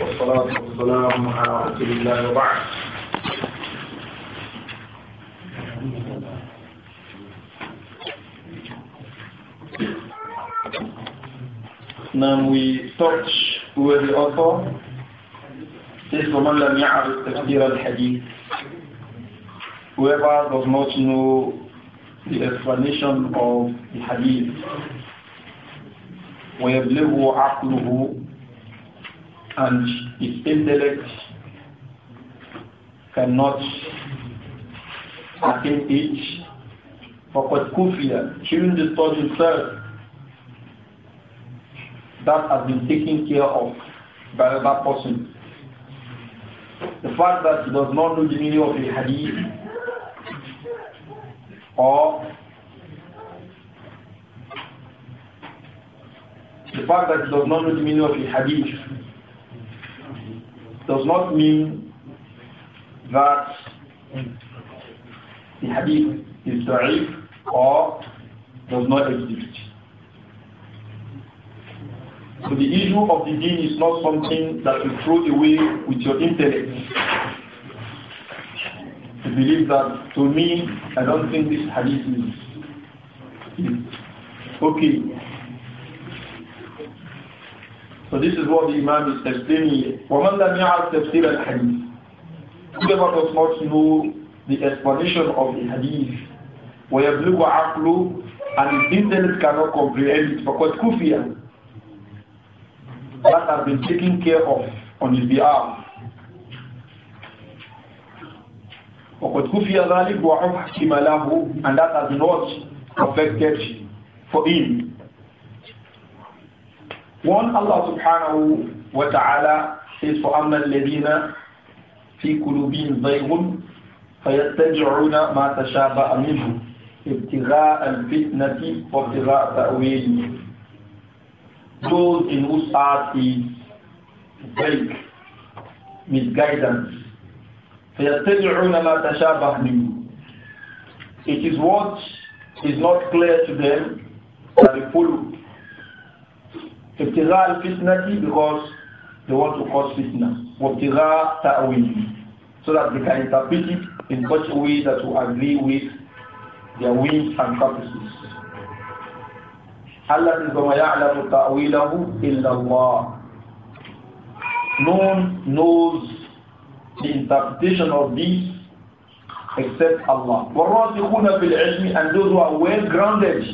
والصلاة والسلام على رسول الله وبعد Now we touch where the author says وَمَنْ لَمْ يَعْرِفْ تَفْسِيرَ الْحَدِيث Whoever does not know the explanation of the hadith وَيَبْلِغُ عَقْلُهُ and its intellect cannot attain it. فقد كفي during the study itself that has been taken care of by that person. The fact that he does not know the meaning of the hadith or the fact that he does not know the meaning of the hadith does not mean that the hadith is da'if or does not exist. So the issue of the deen is not something that you throw away with your intellect. To believe that, to me, I don't think this hadith is, is okay. So this is what the Imam is explaining here. that لَمْ accept تَفْسِيرَ الْحَدِيثِ Whoever does not know the explanation of the hadith, وَيَبْلُغُ عَقْلُ and his intellect cannot comprehend it because kufiya that has been taken care of on his behalf. وقد كفي ذلك وحكم له and that has not affected for him One, Allah subhanahu wa ta'ala says, فَأَمَّا الَّذِينَ فِي قُلُوبِهِمْ زَيْغٌ فيتجعون مَا تَشَابَهَ مِنْهُ ابْتِغَاءَ الْفِتْنَةِ وَابْتِغَاءَ تَأْوِيلِهِ Those in whose heart is vague, misguidance. مَا تَشَابَهَ مِنْهُ It is what is not clear to them that they follow ابتغاء الفتنة because they want to cause fitna. وابتغاء تأويل so that they can interpret it in such a way that will agree with their whims and purposes. Allah is وَمَا يَعْلَمُ تَأْوِيلَهُ إِلَّا اللَّهُ No one knows the interpretation of this except Allah. وَالرَّاسِخُونَ بِالْعِلْمِ And those who are well grounded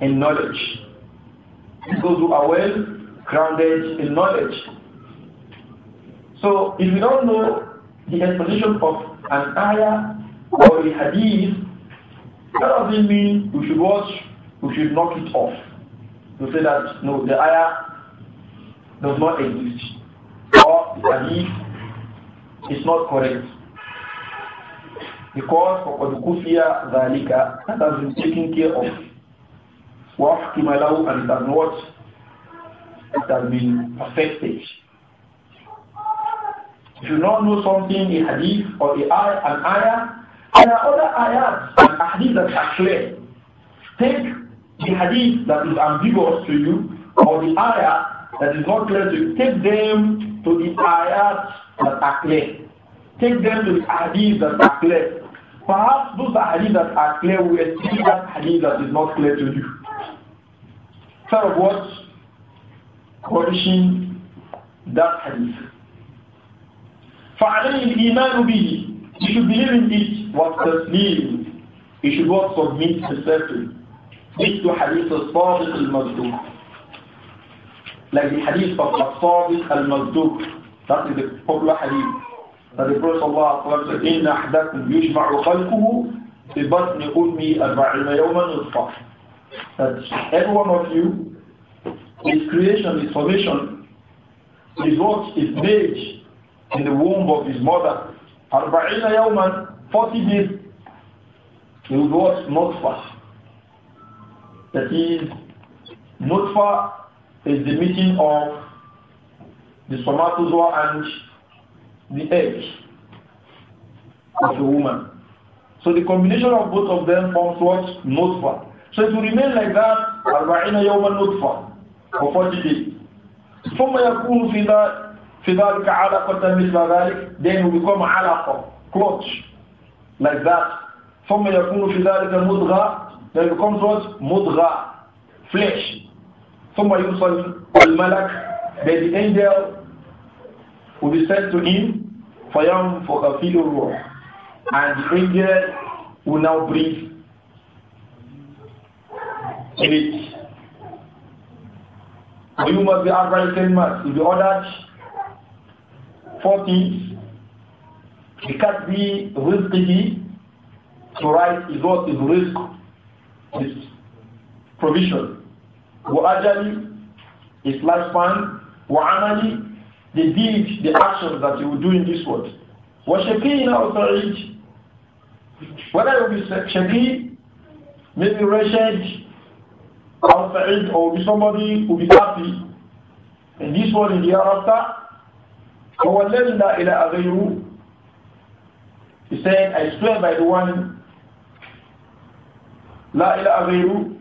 in knowledge. those who are well grounded in knowledge. So if you don't know the exposition of an ayah or the hadith, that doesn't mean we should watch, we should knock it off. To say that no, the ayah does not exist or the hadith is not correct. Because for the kufiya zalika, that has been taken care of. وَحْكِمَ لَهُ and it what? It has been perfected. If you don't know something, a hadith or a, an ayah, there are other ayahs and hadith that are clear. Take the hadith that is ambiguous to you or the ayah that is not clear to you. Take them to the ayahs that are clear. Take them to the hadith that are clear. Perhaps those are hadith that are clear will see that hadith that is not clear to you. فرق بود خورشين در حديث فعلي الإيمان به يشو بلير انديت والتسليم يشو بود صد ميت السافر ميت حديث الصادق المصدوق لكن حديث فقط الصادق المصدوق تقصد قبل حديث فالرسول صلى الله عليه وسلم إن أحدكم يجمع خلقه في بطن أمي أربعين يوما الصحيح that every one of you, is creation, is formation, is what is made in the womb of his mother. Arba'ina yawman, 40 days, he would watch notfa. That is, notfa is the meeting of the spermatozoa and the egg of the woman. So the combination of both of them forms what? Notfa. So it will remain like that, أربعين يوما نطفة for 40 days. ثم يكون في ذلك في ذلك علقة مثل ذلك then will become علقة clot like that. ثم يكون في ذلك مضغة then becomes what? مضغة flesh. ثم يوصل الملك then the angel will be sent to him فينفخ فيه الروح and the angel will now breathe in it. So you must be advised 10 months. If you ordered four things, it can't be risky to write is what is risk, is provision. Wa'ajali is lifespan. Wa'amali, the deeds, the actions that you will do in this world. Wa'shakina or Whether you be shaki, maybe wretched, al Sa'id or will be somebody who will be happy in this world in the hereafter. هو الذي لا He said, I swear by the one لا إله غيره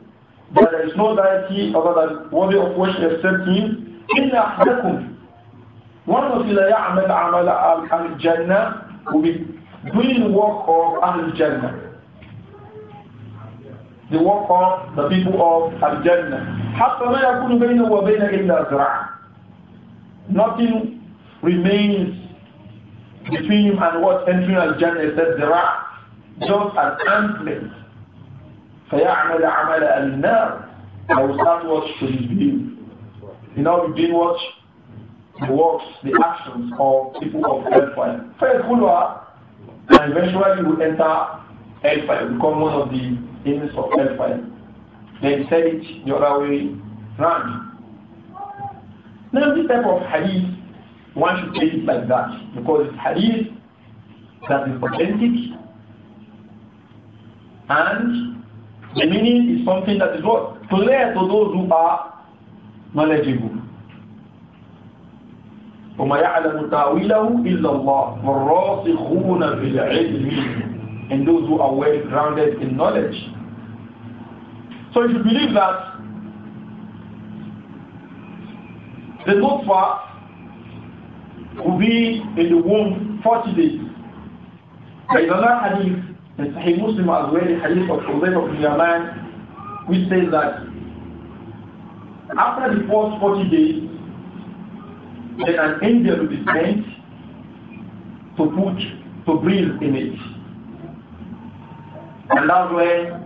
that there is no deity other than worthy of worship except him إن أحدكم One of you لا يعمل عمل أهل الجنة will be doing work of أهل الجنة the work of the people of Al-Jannah. حتى ما يكون بينه وبين إلا Nothing remains between him and what entering Al-Jannah except ذراع, just an antlet. فيعمل عمل النار. I will start what should be doing. You know, we didn't watch the works, the actions of people of hellfire. First, and eventually will enter hellfire, become one of the image of hellfire. Then he said it the other way round. Now this type of hadith, one should take it like that because it's hadith that is authentic and the meaning is something that is what? Clear to those who are knowledgeable. وما يعلم تاويله إلا الله والراسخون في العلم and those who are well grounded in knowledge So if you believe that the nutfa will be in the womb 40 days, there is another hadith in a Muslim as well, the hadith of Hudayf of Yaman, which says that after the first 40 days, then an angel will be sent to put, to breathe in it. And that's where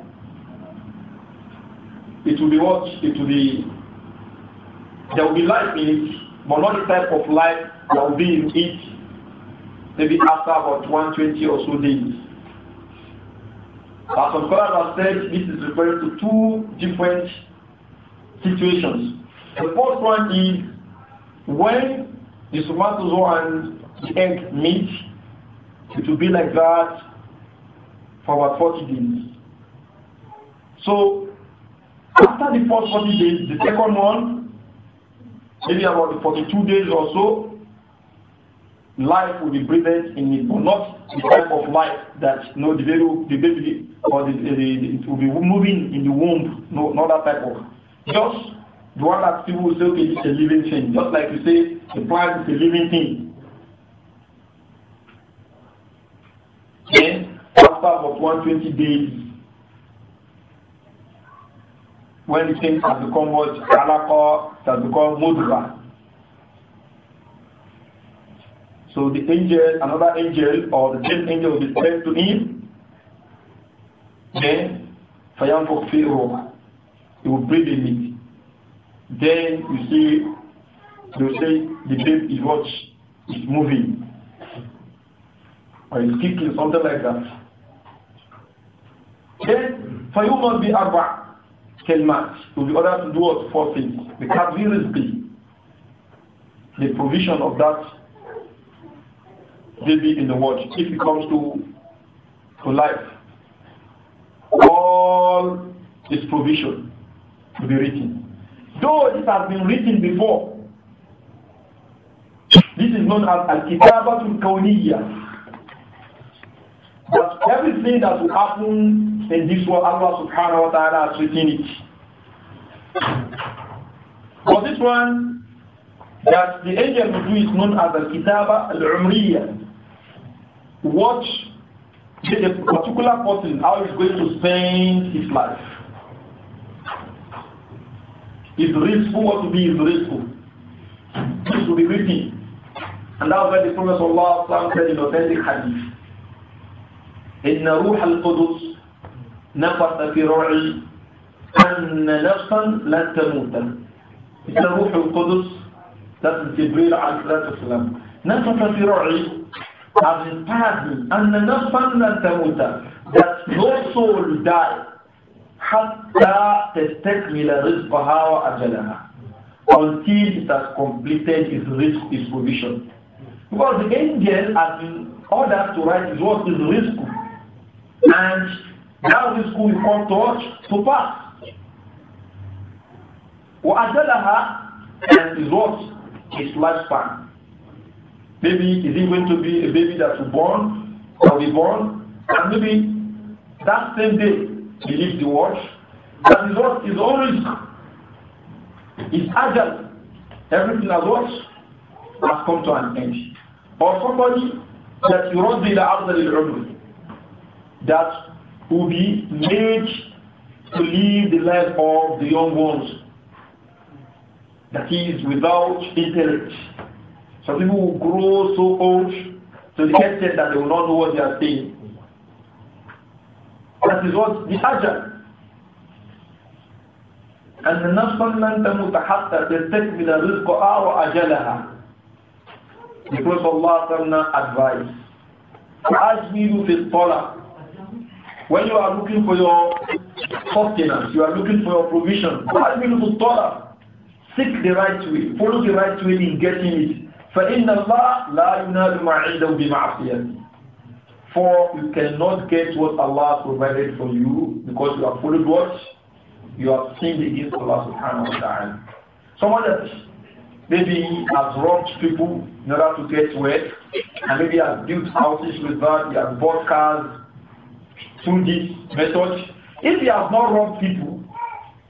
it will be what? It will be, there will be life in it, but not the type of life that will be in it maybe after about 120 or so days. As some scholars have said, this is referring to two different situations. The first one is when the spermatozoa and the egg meet, it will be like that for about 40 days. So after the first 40 days, the second one, maybe about 42 days or so, life will be breathed in it, but not the type of life that you no know, the baby, the baby or the, the, the, it will be moving in the womb. No, not that type of. Just the one that people will say, okay, it's a living thing. Just like you say, the plant is a living thing. Then, after about 120 days, when things have become what alaqa has become mudra. So the angel, another angel or the same angel will be sent to him, then فَيَنْفُقْ فِي الرُّوحِ He will breathe in it. Then you see, they will say the babe is what is moving or is kicking, something like that. Then be بِأَرْبَعٍ till March to be ordered to do what? Four things. The Kadri be the provision of that baby in the watch, if it comes to, to life, all this provision to be written. Though it has been written before, this is known as Al-Kitabatul Kawniyya. That everything that will happen and this one Allah subhanahu wa ta'ala has written it. For this one, that the angel will do is known as the Kitaba al-Umriya. Watch the particular person, how he's going to spend his life. Is risku what to be is risku? This will be written. And that's why the of Allah said in authentic hadith. إن روح القدس نفث في روعي أن نفسا لن تموت مثل روح القدس لكن جبريل عليه الصلاة والسلام في روعي has inspired أن نفسا لن تموت that no soul will die حتى تستكمل رزقها وأجلها until it has completed its risk, its provision. Because the angel has been ordered to write is what is risk. And now this school is called torch to pass. وأجلها and is what? His lifespan. Maybe is he going to be a baby that will born or be born? And maybe that same day he leaves the watch. That is what is always is agile. Everything has what has come to an end. Or somebody that you run the other that will be made to live the life of the young ones. That is without intellect. Some people will grow so old to the extent that they will not know what they are saying. That is what the Ajah. أن نفسا لن the حتى تستكمل رزقها وأجلها. Because Allah advice. أجمل في الطلب when you are looking for your sustenance, you are looking for your provision, God will dollar. Seek the right way, follow the right way in getting it. فَإِنَّ اللَّهَ لَا يُنَادُ مَعِيدَهُ بِمَعْصِيَةٍ For you cannot get what Allah provided for you because you have followed what? You have sinned against Allah subhanahu wa ta'ala. Someone that maybe has robbed people in order to get wealth, and maybe has built houses with that, he has bought cars, through this method, if he has not robbed people,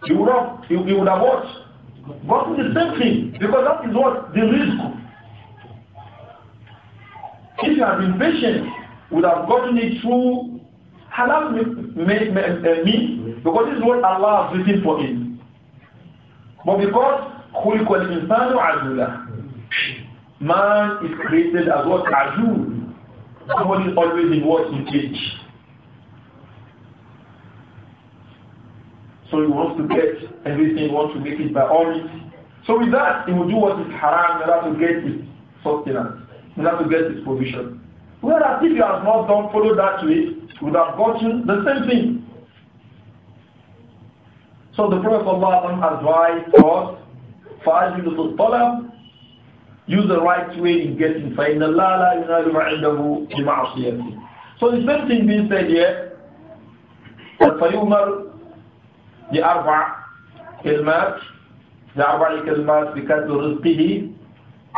he would have, he, would have what? Gotten the same thing, because that is what? The risk. If you have been patient, would have gotten it through halal me, because this is what Allah has written for him. But because خُلِقَ الْإِنسَانُ عَجُولًا Man is created as what? Ajul. Someone is always in what? In change. So he wants to get everything, he wants to make it by all means. So with that, he will do what is haram in order to get his sustenance, in order to get his provision. Whereas if you have not done follow that way, you would have gotten the same thing. So the Prophet advised us, of الطَّلَبِ Use the right way in getting فَإِنَّ So the same thing being said here, that فَيُمَرْ دي أربع كلمات دي أربع كلمات بكسر رزقه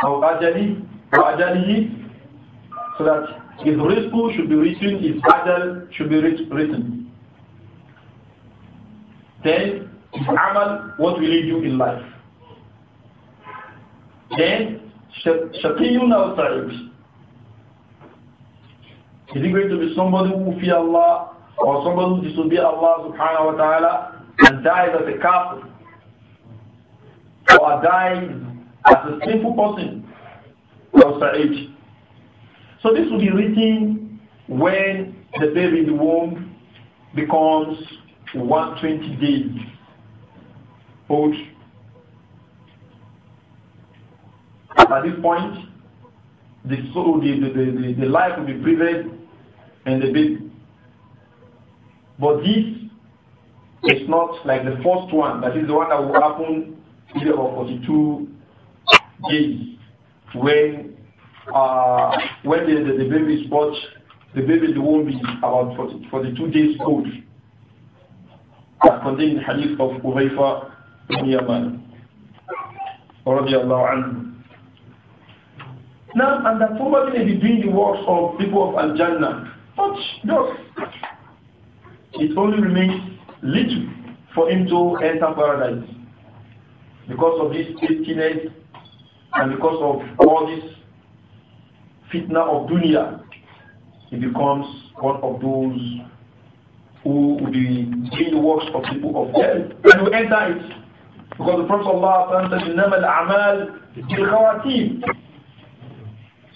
أو أو أجلي so that his rizq should be written, his ajal should be written. Then his amal, what will he do in life? Then shaqiyun or sa'id. Is he going to be somebody who fear Allah or somebody who disobey Allah subhanahu wa ta'ala and dies as a kafir or dies as a simple person or age. So this will be written when the baby in the womb becomes 120 days old. At this point, the soul, the, the, the, the life will be breathed and the baby. But this it's not like the first one, but it's the one that will happen in of 42 days when uh, when the, the, the baby is born, the baby won't be about 40, 42 days old. That contains the hadith of Uraifa ibn Yaman. Now, and that somebody may be doing the works of people of Al-Jannah. But just, it only remains little for him to enter paradise because of this emptiness and because of all this fitna of dunya, he becomes one of those who will be doing the works of people of hell and will enter it. Because the Prophet Allah said, إِنَّمَا الْأَعْمَالِ بِالْخَوَاتِيمِ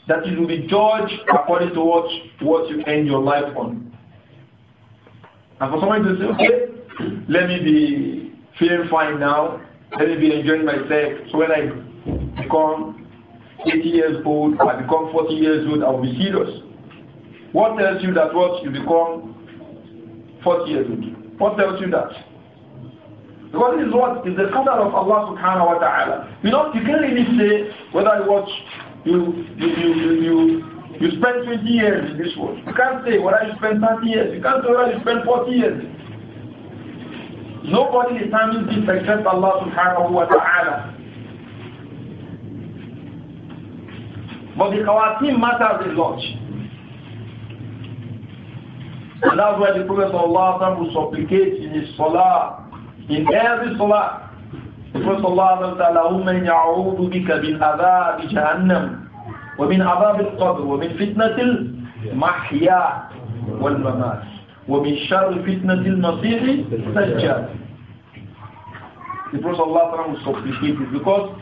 That you will be judged according to what, what you end your life on. And for someone to say, okay, let me be feeling fine now, let me be enjoying myself. So when I become 80 years old, I become 40 years old, I will be serious. What tells you that what you become 40 years old? What tells you that? Because this is what is the qadar of Allah subhanahu wa ta'ala. You know, you can't really say whether I watch you you you you, you you spend 20 years in this world. You can't say whether you spend 30 years. You can't say whether you spend 40 years. Nobody is determines this except Allah subhanahu wa ta'ala. But the Qawatim matters a lot. And that's why the Prophet Allah will supplicate in his salah, in every salah. The Prophet Allah says, اللهم إني يَعُوذُ بك من عذاب جهنم ومن عذاب القبر ومن فتنة المحيا والممات. وَمِنْ شَرِّ فِتْنَةِ الْمَصِيحِ الدَّجَّالِ The Prophet Allah will supplicate this because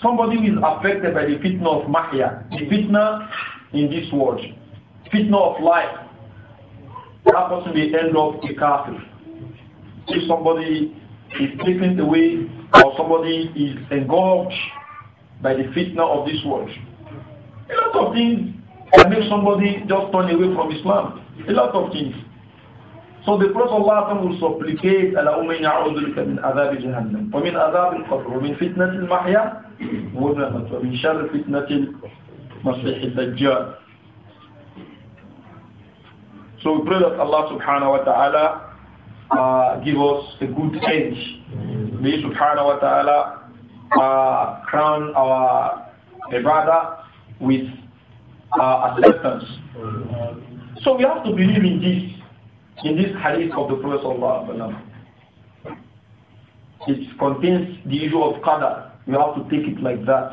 somebody is affected by the fitna of mahya, the fitna in this world, fitna of life. That person will end up a kafir. If somebody is taken away or somebody is engulfed by the fitna of this world. A lot of things can make somebody just turn away from Islam. A lot of things. So the Prophet Allah will supplicate, Allahumma inni a'udhu min azab jahannam, wa min adhab al-qabr, wa min fitnat al-mahya, wa min sharr fitnat al-masih al-dajjal. So we pray that Allah subhanahu wa ta'ala uh, give us a good end. May subhanahu wa ta'ala uh, crown our ibadah with uh, acceptance. So we have to believe in this, in this hadith of the Prophet. It contains the issue of qadar. You have to take it like that.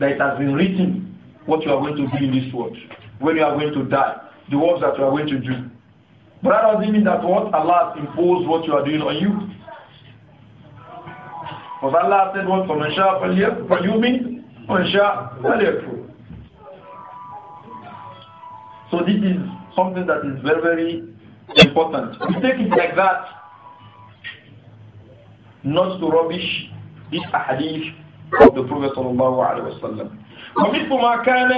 That it has been written what you are going to do in this world, when you are going to die, the works that you are going to do. But that doesn't mean that what Allah has imposed what you are doing on you. Because Allah said what for Masha for you mean Masha So this is something that is very, very important. We take it like that, not to rubbish this ahadith of the Prophet sallallahu wa sallam. ومثل ما كان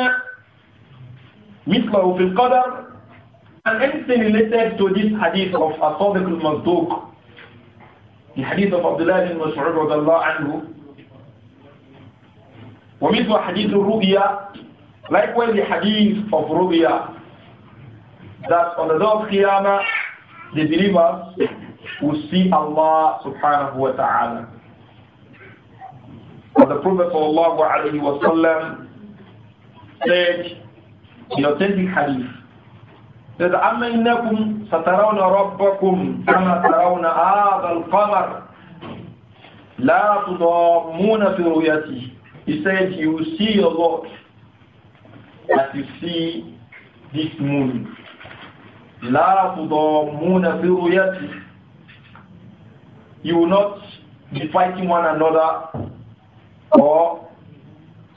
مثله في القدر and anything related to this hadith of Asadiq al-Mazduq, the hadith of Abdullah bin Mas'ud الله anhu, ومثل حديث الرؤيا likewise the hadith of رؤيا that on the day of Qiyamah, the believers will see Allah subhanahu wa ta'ala. But the Prophet sallallahu alayhi wa sallam said in authentic hadith, that أما إنكم سترون ربكم كما ترون هذا القمر لا تضامون في رؤيته He said, you see your Lord as you see this moon. لا تضامون في رؤيته you will not be fighting one another or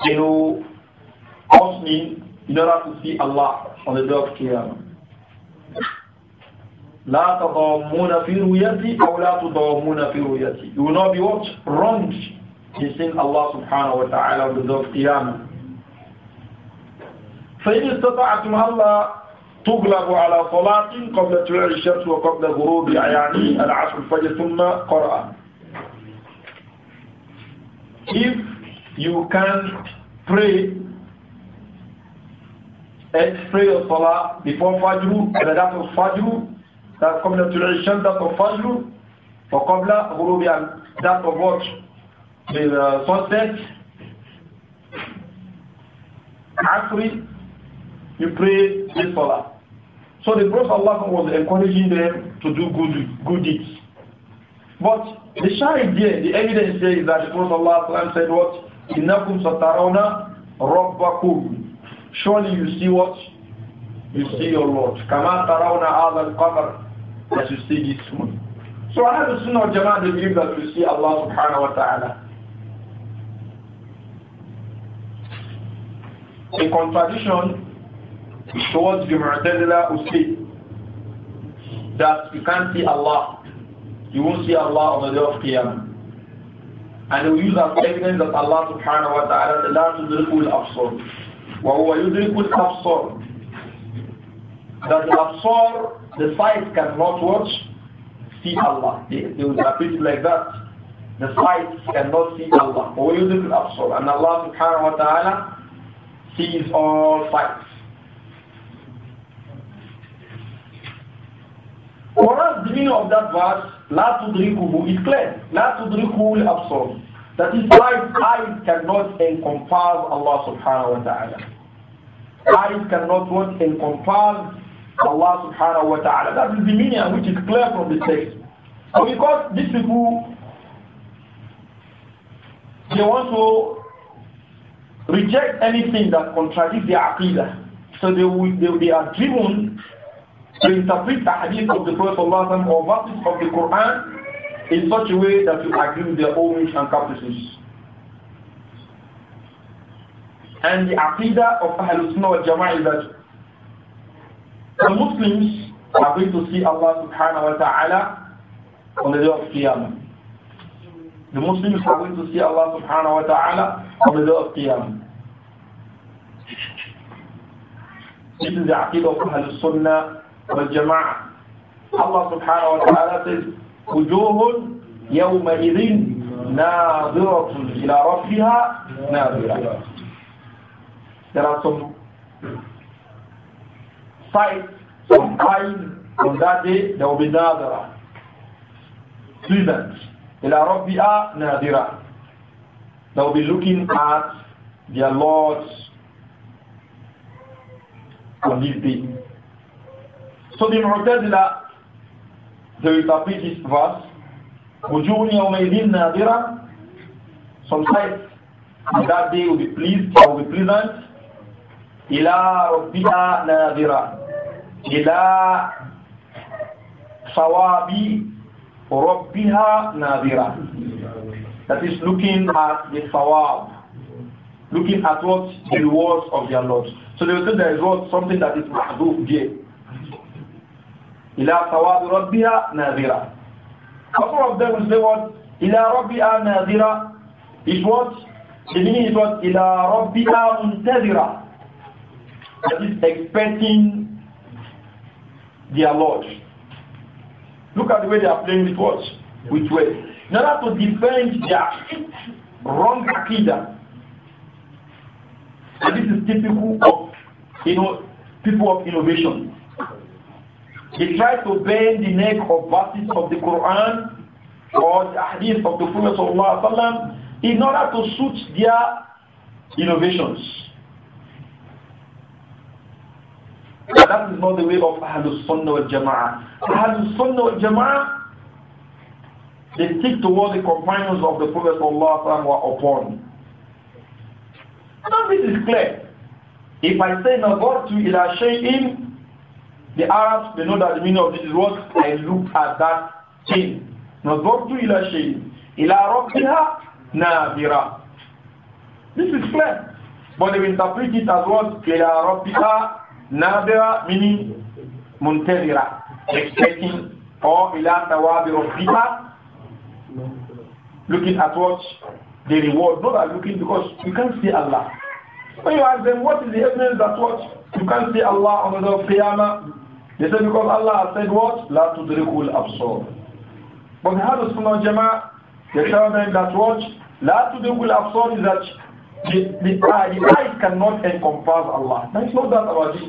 you know hustling in order to see Allah on the day of Qiyamah لا تضامون في رؤيتي أو لا تضامون في رؤيتي you will not be what? wronged in seeing Allah subhanahu wa ta'ala on the day of Qiyamah فإن استطعتم الله تغلب على صلاة قبل طلوع الشمس وقبل غروبها يعني العصر الفجر ثم قرأ if you can pray and pray your salah before Fajr and that of Fajr that قبل طلوع الشمس that of Fajr وقبل غروبها that of what the sunset Actually, you pray this salah So the Prophet Allah was encouraging them to do good, good deeds. But the shahid here, the evidence here is that the Prophet Allah said what? Innakum satarona rabbakum. Surely you see what? You see your Lord. Kama tarawna al qamar. As you see this moon. So I have a sunnah of Jama'ah believe that you see Allah subhanahu wa ta'ala. In contradiction towards the Mu'tazila who say that you can't see Allah, you won't see Allah on the day of Qiyamah. And we use as evidence that Allah subhanahu wa ta'ala said, لا تدركه الأبصار وهو يدرك الأبصار That the absor, the sight cannot watch, see Allah. They, they would interpret like that the sight cannot see Allah. وَيُدْرِكُ الْأَبْصَرُ And Allah subhanahu wa ta'ala sees all sights. For us, the meaning of that verse, to drink who is clear. who will absorb. That is why eyes cannot encompass Allah subhanahu wa ta'ala. Eyes cannot what encompass Allah subhanahu wa ta'ala. That is the meaning which is clear from the text. So because these people, they want to reject anything that contradicts their aqidah. So they, will, they, they are driven you interpret the hadith of the Prophet or verses of the Quran in such a way that you agree with their own wish and caprices. And the aqidah of Ahlul Sunnah wal Jama'ah is that the Muslims are going to see Allah subhanahu wa ta'ala on the day of Qiyamah. The Muslims are going to see Allah subhanahu wa ta'ala on the day of Qiyamah. This is the aqidah of Ahlul Sunnah والجماعة الله سبحانه وتعالى says وجوه يومئذ ناظرة إلى ربها ناظرة There are some sights, some eyes on that day there will be ناظرة pleasant إلى ربها ناظرة They will be looking at their Lord on this day So the Mu'tazila, they interpret this verse, وَجُونِ يَوْمَيْذِنْ نَادِرًا Some sites on that day will be pleased, or will be pleasant, إِلَىٰ رَبِّهَا نَادِرًا إِلَىٰ صَوَابِ رَبِّهَا نَادِرًا That is looking at the sawab, looking at what the rewards of their Lord. So they will say there is what something that is mahduf there. إِلَىٰ ثَوَابِ رَبِّهَا نَذِرًا A couple of them will say what? إِلَىٰ رَبِّهَا Nāzīra is what? The meaning is what? إِلَىٰ رَبِّهَا مُنْتَذِرًا That is expecting their Lord. Look at the way they are playing with words, With words. In order to defend their wrong akida. And this is typical of you know people of innovation. He try to bend the neck of verses of the Quran or the hadith of the Prophet ﷺ in order to suit their innovations. But that is not the way of Ahlul Sunnah wal Jama'ah. Ahlul Sunnah wal Jama'ah, they stick to what the companions of the Prophet ﷺ were upon. Now this is clear. If I say, Nagartu ila shay'in the Arabs, they know that the meaning of this is what I look at that thing. نظرت إلى شيء إلى ربها ناظرة. This is clear. But they interpret it as what إلى ربها ناظرة meaning منتظرة expecting or إلى ثواب ربها looking at what the reward, not at looking because you can't see Allah. When you ask them what is the evidence that what you can't see Allah on the day of Qiyamah, they said because Allah said what? La tudrikul absor. But the Ahlul Sunnah Jama'ah, they tell them that what? La tudrikul absor is that the, the, eye, the eyes cannot encompass Allah. it's not that about this.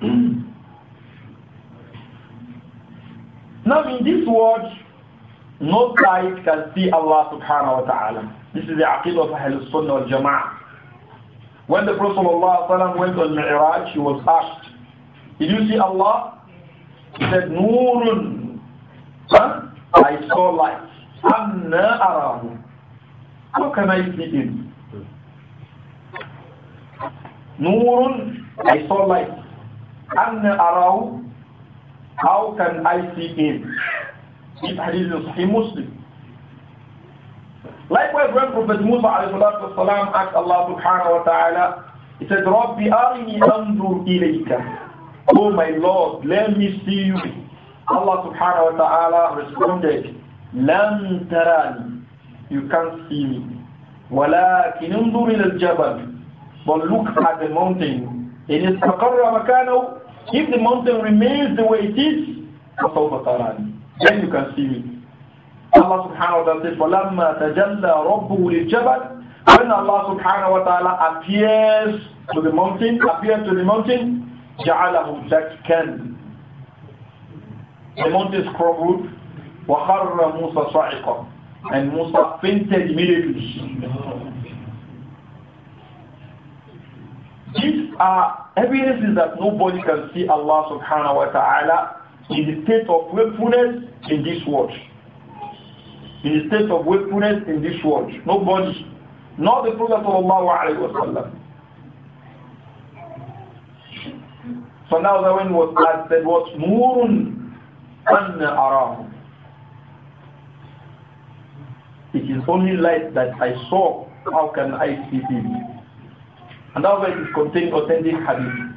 now in this world, no sight can see Allah subhanahu wa ta'ala. This is the aqidah of Ahlul Sunnah wal Jama'ah. When the Prophet ﷺ went on Mi'raj, he was asked, Did you see Allah? He said, Nurun. Huh? I saw light. Amna arahu. How can I see him? Nurun, I saw light. Amna arahu. How can I see him? This hadith is Sahih Muslim. Likewise, when Prophet Musa والسلام, asked Allah subhanahu wa ta'ala, he said, Rabbi arini anzur ilayka. Oh my Lord, let me see you. Allah subhanahu wa ta'ala responded, لَمْ tarani. You can't see me. وَلَكِنْ انظُرْ إِلَى الْجَبَلِ But look at the mountain. إِنْ اسْتَقَرَّ مَكَانَهُ If the mountain remains the way it is, فَسَوْفَ تَرَانِ Then you can see me. Allah subhanahu wa ta'ala says, وَلَمَّا تَجَلَّى رَبُّهُ لِلْجَبَلِ When Allah subhanahu wa ta'ala appears to the mountain, appears to the mountain, جعله دكا The mountains crumbled وخر موسى صاعقا and Musa fainted immediately. These are evidences that nobody can see Allah subhanahu wa ta'ala in the state of wakefulness in this world. In the state of wakefulness in this world. Nobody. Not the Prophet sallallahu alayhi wa sallam. So now the wind was like that was moon an around? It is only light that I saw. How can I see him? And that's why it is contained authentic hadith.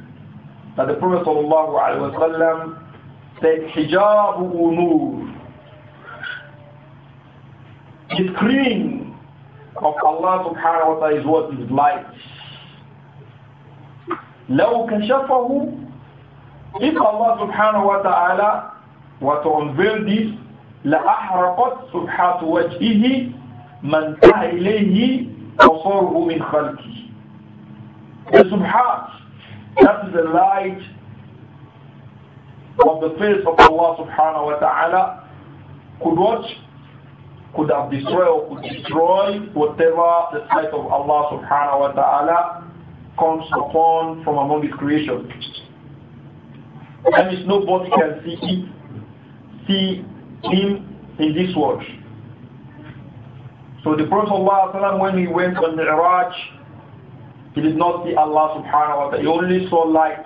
That the Prophet ﷺ said, Hijabu nur. The screen of Allah subhanahu wa ta'ala is what is light. لو كشفه if Allah subhanahu wa ta'ala were to unveil this, لَأَحْرَقَتْ سُبْحَاتُ وَجْهِهِ مَنْ تَهَ إِلَيْهِ وَصَرُهُ مِنْ خَلْقِهِ The subhat, that is the light of the face of Allah subhanahu wa ta'ala, could watch, could have destroyed or could destroy whatever the sight of Allah subhanahu wa ta'ala comes upon from among his creation. That means nobody can see him, see him in this world. So the Prophet when he went on the Iraj, he did not see Allah subhanahu wa ta'ala. He only saw light.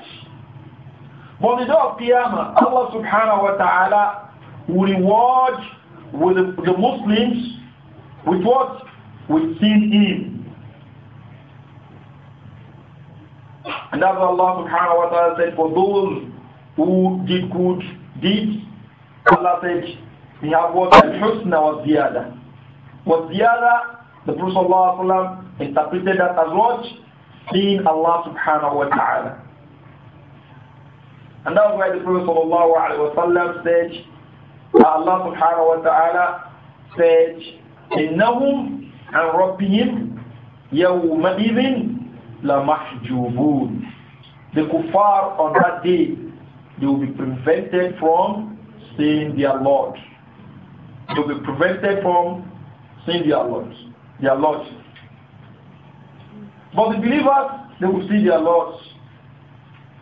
But on the day of Qiyamah, Allah subhanahu wa ta'ala will reward with the, Muslims with what? With seeing him. And that's Allah subhanahu wa ta'ala said, for those who did good deeds, Allah said, we have what al-husna was ziyada. Was ziyada, the Prophet ﷺ interpreted that as what? Seeing Allah subhanahu wa ta'ala. And that's why the Prophet ﷺ said, Allah subhanahu wa ta'ala said, إِنَّهُمْ عَنْ رَبِّهِمْ يَوْمَئِذٍ لَمَحْجُوبُونَ The kuffar on that day they will be prevented from seeing their Lord. They will be prevented from seeing their Lord. Their Lord. But the believers, they will see their Lord.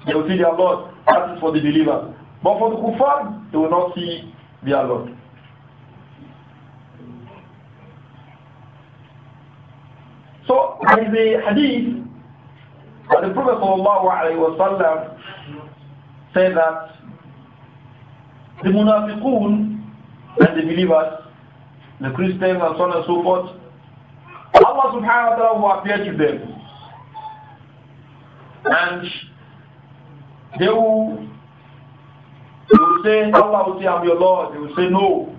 They will see their Lord. That is for the believers. But for the kuffar, they will not see their Lord. So there is a hadith that the Prophet sallallahu alaihi wasallam Say that the Munafiqun and the believers, the Christians and so on and so forth, Allah subhanahu wa ta'ala will appear to them. And they will, they will say, Allah will say, I'm your Lord. They will say, no.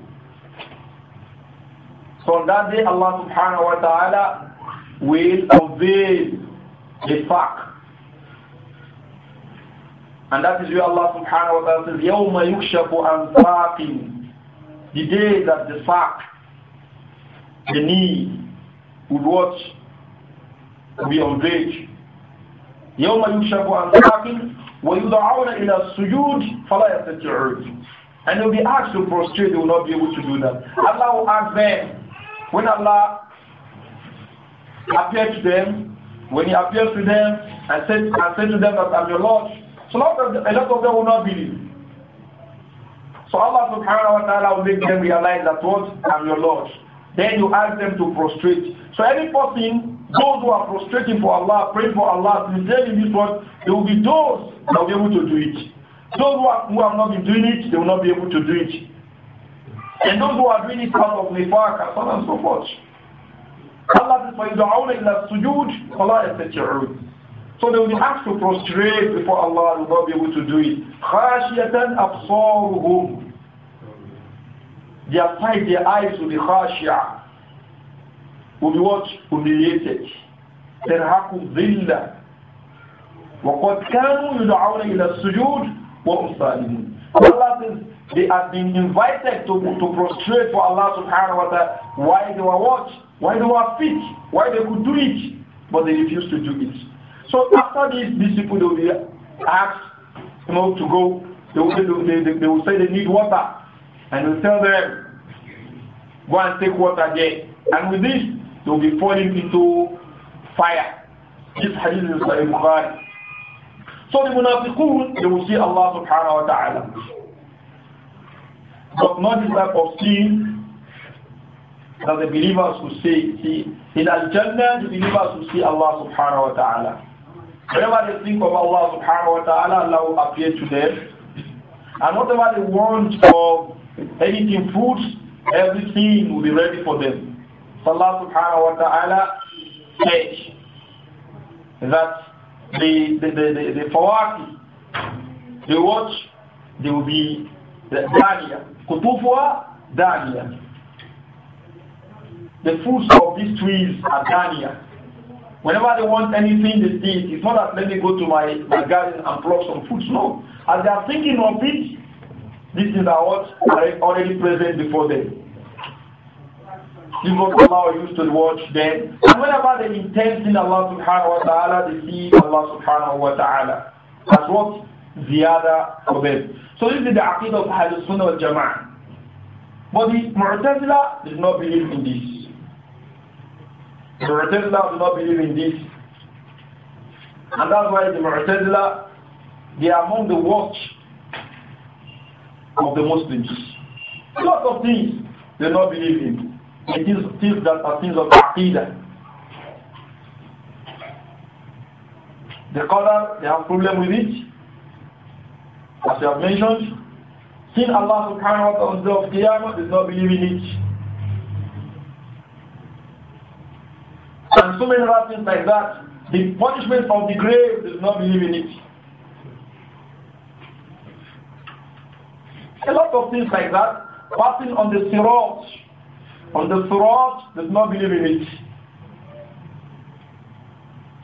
So on that day, Allah subhanahu wa ta'ala will unveil the fact And that is where Allah subhanahu wa ta'ala says, يَوْمَ يُكْشَفُ عَنْ سَاقٍ The day that the sack, the knee, would what? would be unveiled. يَوْمَ يُكْشَفُ عَنْ سَاقٍ وَيُدَعَوْنَ إِلَى السُّجُودِ فَلَا يَسْتَطِعُونَ And they'll be asked to prostrate, they will not be able to do that. Allah will ask them, when Allah appeared to them, when He appears to them and said, I said to them that I'm your Lord, so a lot of them, a lot of them will not believe. So Allah subhanahu wa ta'ala will make them realize that what I'm your Lord. Then you ask them to prostrate. So any person, those who are prostrating for Allah, praying for Allah, sincerely this word, there will be those that will be able to do it. Those who, are, who have not been doing it, they will not be able to do it. And those who are doing it out of nifaq and so on and so forth. Allah says, فَإِذَا عَوْنَ إِلَى السُّجُودِ فَلَا يَسْتَجِعُونَ so they will have to prostrate before Allah and will not be able to do it. خَاشِيَةً أَبْصَارُهُمْ Their sight, their eyes will be khashia. Will be what? Humiliated. تَرْهَقُ ذِلَّةً وَقَدْ كَانُوا يُدْعَوْنَ إِلَى السُّجُودِ وَهُمْ سَالِمُونَ Allah says, they have been invited to, to prostrate for Allah subhanahu wa ta'ala. Why they were what? Why they were fit? Why they could do it? But they refused to do it. So after this, these people will be asked you know, to go. They will, they, they, they will say they need water. And we tell them, go and take water there. And with this, they will be falling into fire. This hadith is Sahih Bukhari. So the munafiqun, they will see Allah subhanahu wa ta'ala. But not this type of sin that the believers will see. see in Al-Jannah, the believers will see Allah subhanahu wa ta'ala. Whenever they think of Allah subhanahu wa ta'ala, Allah will appear to them. And whatever they want of anything food, everything will be ready for them. So Allah subhanahu wa ta'ala said that the the the, the, the fawaki, the watch, they will be the dania. Kutufwa dania. The fruits of these trees are dania. Whenever they want anything they see, it's not that let me go to my, my garden and pluck some fruits. No. As they are thinking of it, this is what are already present before them. People allow you to watch them. And whenever they intend in Allah subhanahu wa ta'ala, they see Allah subhanahu wa ta'ala. That's what ziyada for them. So this is the aqidah of Ahlul Sunnah al Jama'ah. But the Mu'tazila does not believe in this. The Mu'tazila do not believe in this. And that's why the Mu'tazila, they are among the watch of the Muslims. A lot of things they do not believe in. It is things that are things of Aqidah. The Qadar, they have problem with it. As you have mentioned, since Allah subhanahu wa ta'ala of Qiyamah does not believe in it. And so many other things like that. The punishment of the grave does not believe in it. A lot of things like that. Passing on the sirat, on the sirat does not believe in it.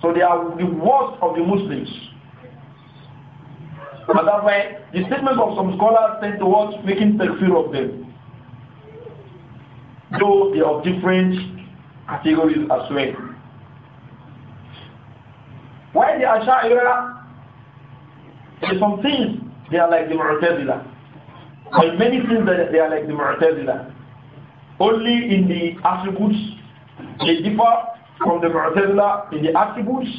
So they are the worst of the Muslims. But that's why the statement of some scholars tend towards making the fear of them. Though they are different categories as well. Why the Asha'ira, are some things, they are like the Mu'tazila. In many things, they are like the Mu'tazila. Only in the attributes, they differ from the Mu'tazila in the attributes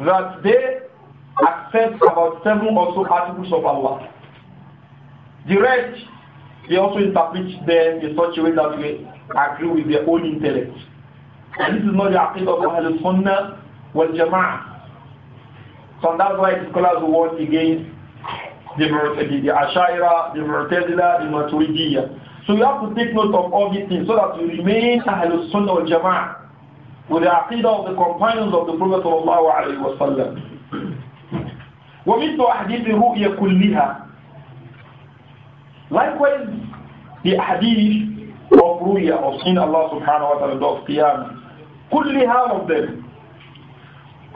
that they accept about seven or so attributes of Allah. The rest, they also interpret them in such a way that agree with their own intellect. And this is not the aqidah of Ahlul Sunnah wal Jama'ah. So that's why the scholars who warn against the, the Ashaira, the Mu'tazila, the Maturidiyya. So you have to take note of all these things so that you remain Ahlul Sunnah wal Jama'ah with the aqidah of the companions of the Prophet sallallahu alayhi wa sallam. ومثل أحاديث الرؤيا كلها. Likewise, the hadith ruya of seeing Allah subhanahu wa ta'ala of Qiyamah. Kulli half of them.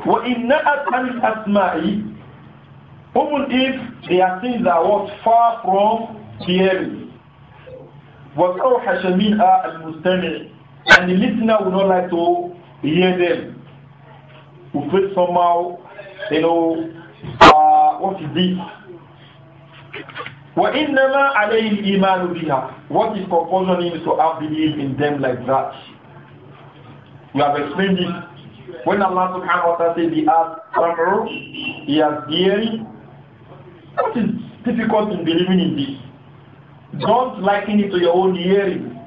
وَإِنَّأَتْ أَنِ الْأَسْمَاءِ Even if they are things that was far from hearing. وَأَوْحَشَ مِنْهَا الْمُسْتَمِعِ And the listener will not like to hear them. Who feel somehow, you know, uh, what is this? وَإِنَّمَا عَلَيْهِ الْإِيمَانُ بِهَا What is compulsion is to have belief in them like that. We have explained it. When Allah subhanahu wa ta'ala says he has sam'u, he has hearing, what is difficult in believing in this? Don't liken it to your own hearing.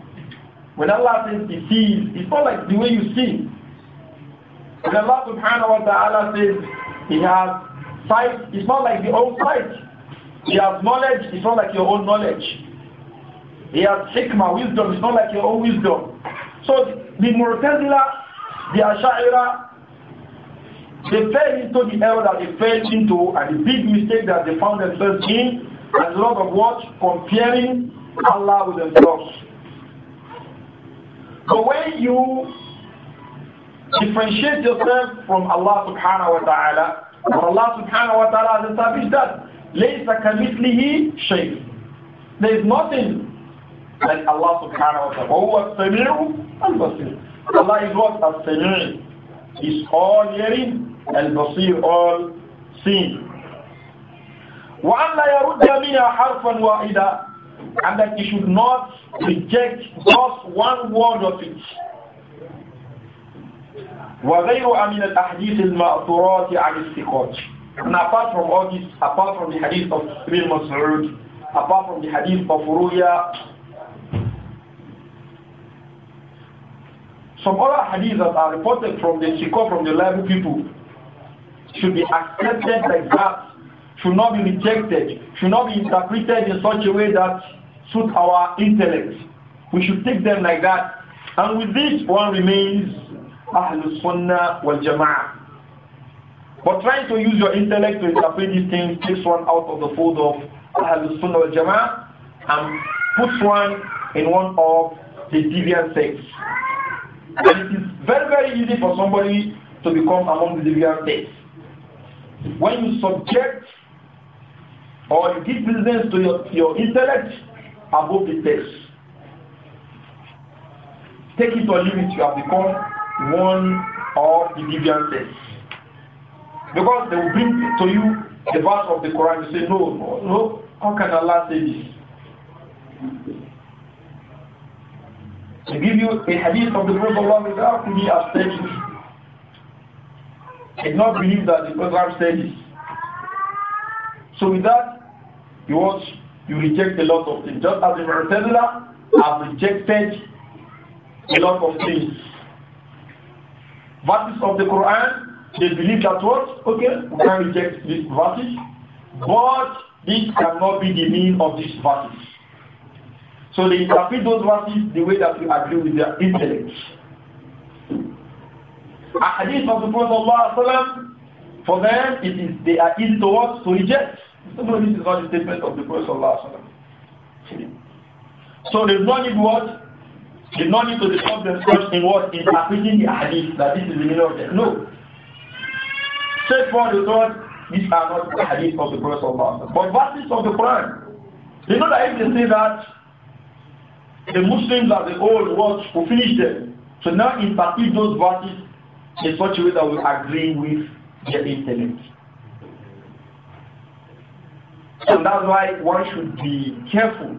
When Allah says he sees, it's not like the way you see. When Allah subhanahu wa ta'ala says he has sight, it's not like the old sight. He has knowledge, it's not like your own knowledge. He has hikmah, wisdom, it's not like your own wisdom. So the Mu'tazila, the Asha'ira, they fell into the error that they fell into and the big mistake that they found themselves in and a lot of what? Comparing Allah with themselves. The way you differentiate yourself from Allah subhanahu wa ta'ala, Allah subhanahu wa ta'ala has established that ليس كمثله شيء There is nothing like Allah subhanahu wa ta'ala. هو السميع البصير. Allah is what? السميع sami is all hearing, Al-Basir all seeing. وَأَنْ لَا يَرُدَّ مِنَا حَرْفًا واحدا And that he should not reject just one word of it. وَغَيْرُ من الأحاديث الْمَأْثُورَاتِ عَنِ الثِّقَاتِ And apart from all this, apart from the hadith of Ibn Mas'ud, apart from the hadith of Ruya, some other hadiths that are reported from the Shikor, from the Bible people, should be accepted like that, should not be rejected, should not be interpreted in such a way that suit our intellect. We should take them like that. And with this, one remains Ahlul Sunnah wal Jama'ah. But trying to use your intellect to interpret these things takes one out of the fold of Ahlul Sunnah Jama'ah and puts one in one of the deviant sects. And it is very, very easy for somebody to become among the deviant sects. When you subject or you give business to your, your intellect above the text, take it or leave it, you have become one of the deviant sects. Because they will bring to you the verse of the Quran. You say, no, no, no. How can Allah say this? To give you a hadith of the Prophet without to be abstention. Did not believe that the Prophet said this. So with that, you watch, you reject a lot of things. Just as the Mu'tazila have rejected a lot of things. Verses of the Quran they believe that what? Okay, we can reject this verses, but this cannot be the meaning of this verses. So they interpret those verses the way that we agree with their intellect. A hadith of the Prophet Allah, for them, it is they are easy to what? To reject. No, this is not the statement of the Prophet Allah. So there's no need what? There's no need to disturb themselves in what? In interpreting the hadith that this is the meaning of them. No. Such one the thought which are not the hadith of the Prophet of Allah, but verses of the Quran. You know that if they say that the Muslims are the old ones who finish them, so now interpret those verses in such a way that we agree with their intellect. And that's why one should be careful.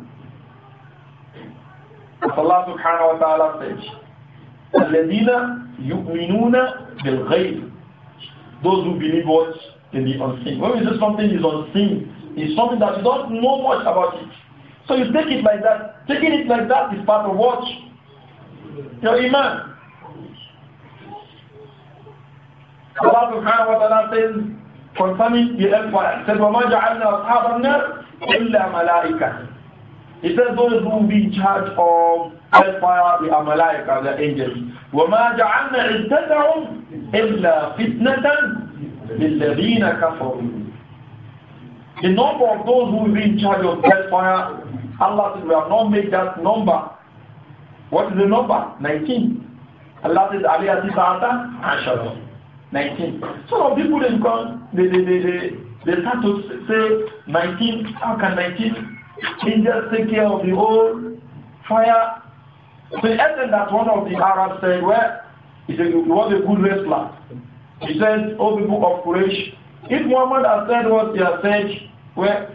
As Allah subhanahu wa ta'ala says, الَّذِينَ يُؤْمِنُونَ بِالْغَيْبِ those who believe what can be unseen. When we say something is unseen, it's something that you don't know much about it. So you take it like that. Taking it like that is part of what? Your iman. Allah subhanahu wa ta'ala says concerning the empire, said, وَمَا جَعَلْنَا أَصْحَابَ النَّارِ إِلَّا مَلَائِكَةً He says those who will be in charge of hellfire malaika, the angels. وَمَا جَعَلْنَا عِدَّتَهُمْ إِلَّا فِتْنَةً لِلَّذِينَ كَفَرُوا The number of those who will be in charge of hellfire, Allah says, we have not made that number. What is the number? 19. Allah says, عَلِيَا تِسَعَةً عَشَرًا 19. Some of people they come, they, they, they, they, they start to say 19, how can 19 angels take care of the whole fire so the essence that one of the Arabs said, well, he, said, he was a good wrestler. He said, oh, people of Quraysh, if Muhammad has said what he has said, well,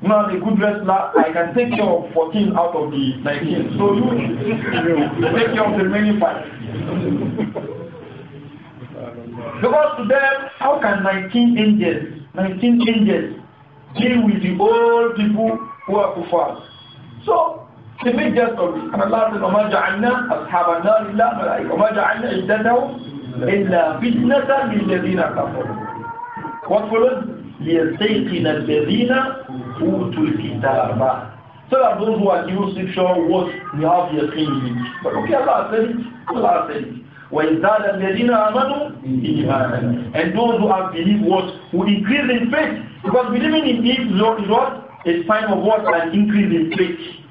now a good wrestler, I can take care of 14 out of the 19. So you take care of the remaining five. Because to them, how can 19 angels, 19 angels deal with the old people who are kuffar? So The major story. And Allah said, وَمَا جَعَلْنَا أَصْحَابَ النَّارِ إِلَّا مَلَائِكَ وَمَا جَعَلْنَا عِدَّتَهُمْ إِلَّا فِتْنَةً لِلَّذِينَ كَفَرُوا What follows? لِيَسْتَيْقِنَ الَّذِينَ أُوتُوا الْكِتَابَ So that those who are new scripture what we have the thing But okay, Allah said it. Allah said it. وَإِذَادَ الَّذِينَ آمَنُوا إِيمَانًا And those who have believed what? Who increase in faith. Because believing in it is what? A sign of what? An increase in faith.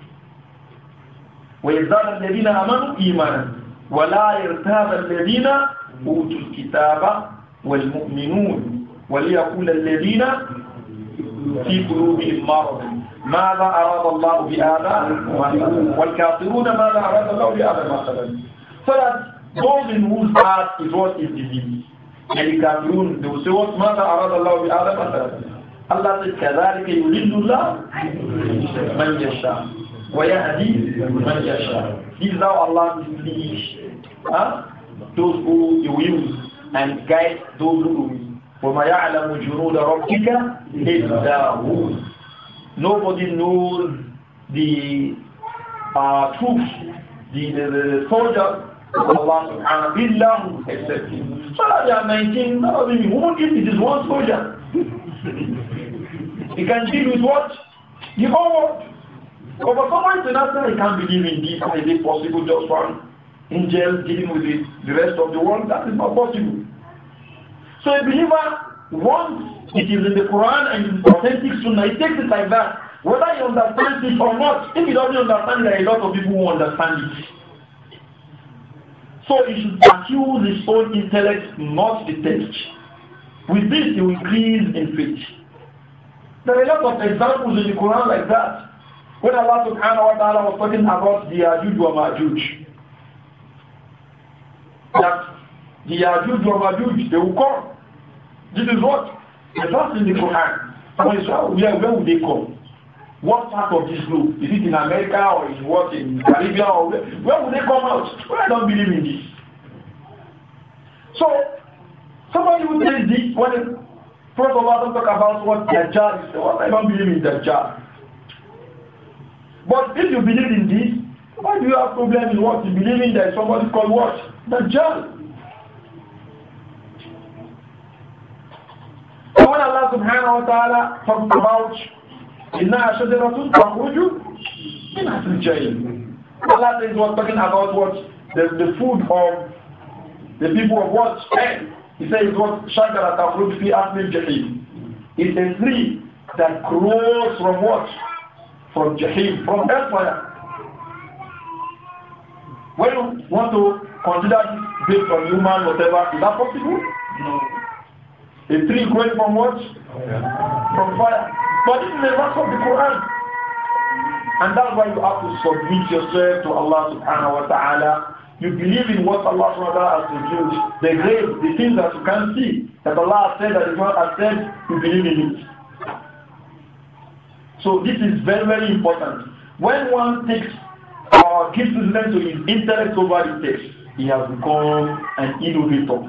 ويزداد الذين آمنوا إيمانا ولا يرتاب الذين أوتوا الكتاب والمؤمنون وليقول الذين في قلوبهم مرض ماذا أراد الله بهذا والكافرون ماذا أراد الله بهذا مثلا فلا تؤمن in whose heart is what is disease يعني and ماذا أراد الله بهذا مثلا Allah said كذلك يريد الله من يشاء وَيَهْدِي مَنْ يَشَاءُ This is how Allah huh? those who He and guide those who He وَمَا يَعْلَمُ جُنُودَ رَبِّكَ إِلَّا هُوَ Nobody knows the uh, troops, the, the, the soldiers Allah subhanahu wa ta'ala except him. So there are 19, none of them, won't give me one soldier. he can deal with what? The whole world. But for someone to not say he can't believe in this, How is it possible just one angel dealing with it, the rest of the world? That is not possible. So a believer, once it is in the Quran and it's authentic Sunnah, he takes it like that. Whether he understands it or not, if he doesn't understand it, there are a lot of people who understand it. So he should accuse his own intellect, not the text. With this, he will increase in faith. There are a lot of examples in the Quran like that. When Allah subhanahu wa ta'ala was talking about the Yajuj wa Majuj, that the Yajuj wa Majuj, they will come. This is what? The first in the Quran. So where, where will they come? What part of this group? Is it in America or in what in Caribbean or where, where will they come out? I don't believe in this. So somebody who says this when the Prophet Allah talk about what Dajjal is, what I don't believe in Dajjal. But if you believe in this, why do you have problem in what? You believe in there is somebody called what? The John. So when Allah subhanahu wa ta'ala talks about إِنَّا شَجَرَةٌ تَخْرُجُ مِنْ أَصْلِ الْجَحِيمِ Allah says was talking about what? The, the food of the people of what? Hell. He says what? شَجَرَةٌ تَخْرُجُ فِي أَصْلِ الْجَحِيمِ It's a tree that grows from what? from Jahim, from hellfire. When you want to consider this based on human whatever, is that possible? No. A tree growing from what? From fire. But this is the verse of the Quran. And that's why you have to submit yourself to Allah subhanahu wa ta'ala. You believe in what Allah subhanahu wa ta'ala has revealed, the grave, the things that you can see, that Allah has said, that you Quran has said, you believe in it. So this is very, very important. When one takes or uh, gives incident to his intellect over the text, he has become an innovator.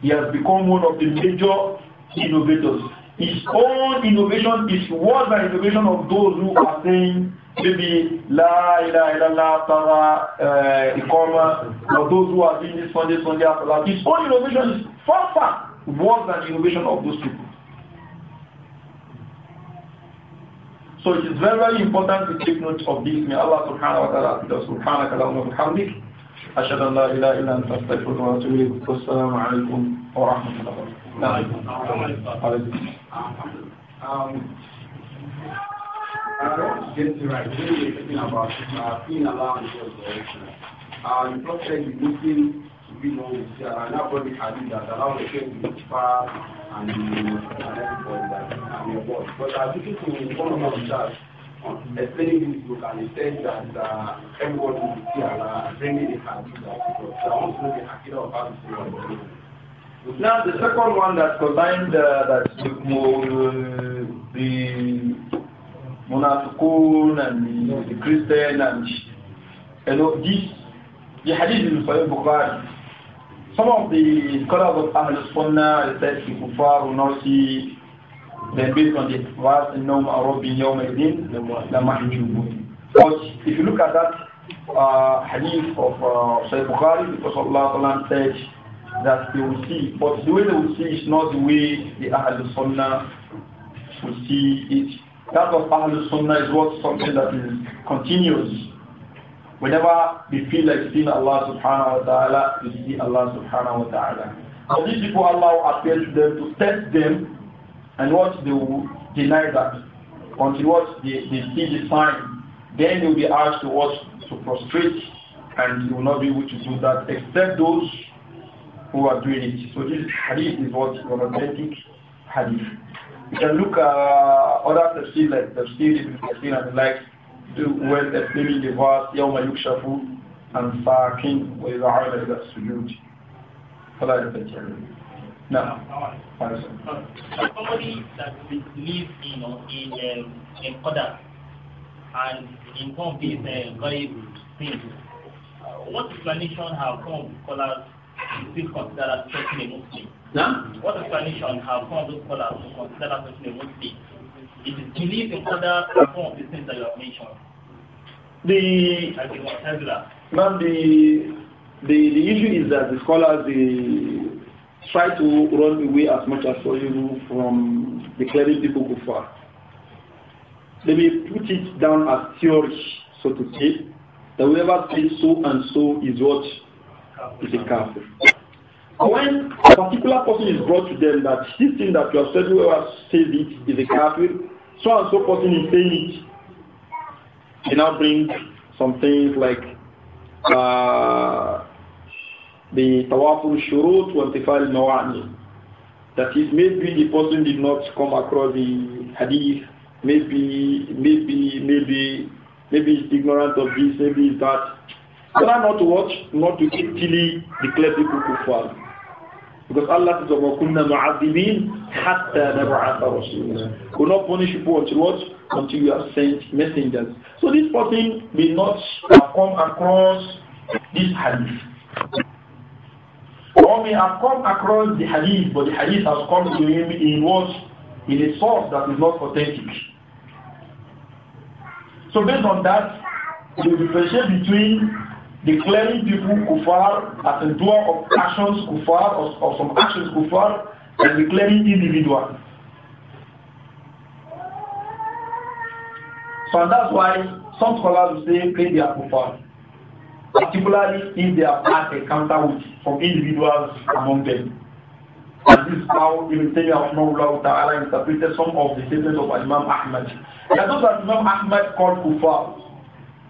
He has become one of the major innovators. His own innovation is worse than innovation of those who are saying maybe la ila ilaha illallah tara uh, ikoma or those who are doing this Sunday Sunday after that. His own innovation is far far worse than the innovation of those people. So it is very, very important to take note of this. May Allah subhanahu wa ta'ala feed us. Subhanaka Allahumma bihamdik. أشهد أن لا إله إلا أنت أستغفرك وأتوب إليك والسلام عليكم ورحمة الله وبركاته. Um, I don't get it right. When you're talking about uh, being allowed in your direction, uh, you probably said you're looking, you know, uh, nobody body do that. Allow the thing to be far and everybody and your boss. But I was looking one of our staff explaining this book and he said that uh, everyone will be here uh, bringing the hadith out because I want to know the akida of how to Now the second one that combined uh, that took more uh, the Munafiqun and the, the Christian and you know this the hadith in Sahih Bukhari Some of the scholars of Ahlul Sunnah said the Kufar will not see them based on the verse in Nom Arabi Yawm the din But if you look at that uh, hadith of uh, Sayyid Bukhari, because Allah said that they will see, but the way they will see is not the way the Ahlul Sunnah will see it. That of Ahlul Sunnah is what something that is continuous. Whenever we feel like seeing Allah subhanahu wa ta'ala, we see Allah subhanahu wa ta'ala. And these people Allah appear to them to test them and what they will deny that. Until what they, they see the sign, then they will be asked to what to prostrate and you will not be able to do that except those who are doing it. So this hadith is what an authentic hadith. You can look at uh, other tafsir like tafsir, ibn tafsir and the likes do when Somebody that lives in in um, in Qadar and in some of these uh, very things, uh, what explanation have come scholars still consider as a Muslim? No? What explanation have come those scholars consider as a Muslim? It is believed in other some of the things that you have mentioned. The man, the the the issue is that the scholars they try to run away as much as possible from declaring people kufar. They may put it down as theory, so to say, that whoever says so and so is what is a kafir. When a particular person is brought to them that this thing that you have said whoever says it is a kafir, so and so person is saying it. They now bring some things like uh, the tawaful shurut wa nawani. That is, maybe the person did not come across the hadith, maybe, maybe, maybe, maybe he's ignorant of this, maybe he's that. Try not to watch, not to keep the declare people kufar. Because Allah says, وَكُنَّا مُعَذِّبِينَ حَتَّى نَبْعَثَ رَسُولًا Will not punish people until what? Until you have sent messengers. So this person may not have come across this hadith. Or may have come across the hadith, but the hadith has come to him in what? In a source that is not authentic. So based on that, the differentiate between declaring people kufar as a doer of actions kufar or, or some actions kufar and declaring individual. So that's why some scholars will say play their kufar, particularly if they have had a counter with from individuals among them. And this is how Ibn Taymiyyah Rahmahullah Ta'ala interpreted some of the statements of Imam Ahmad. And those that Imam Ahmad called kufar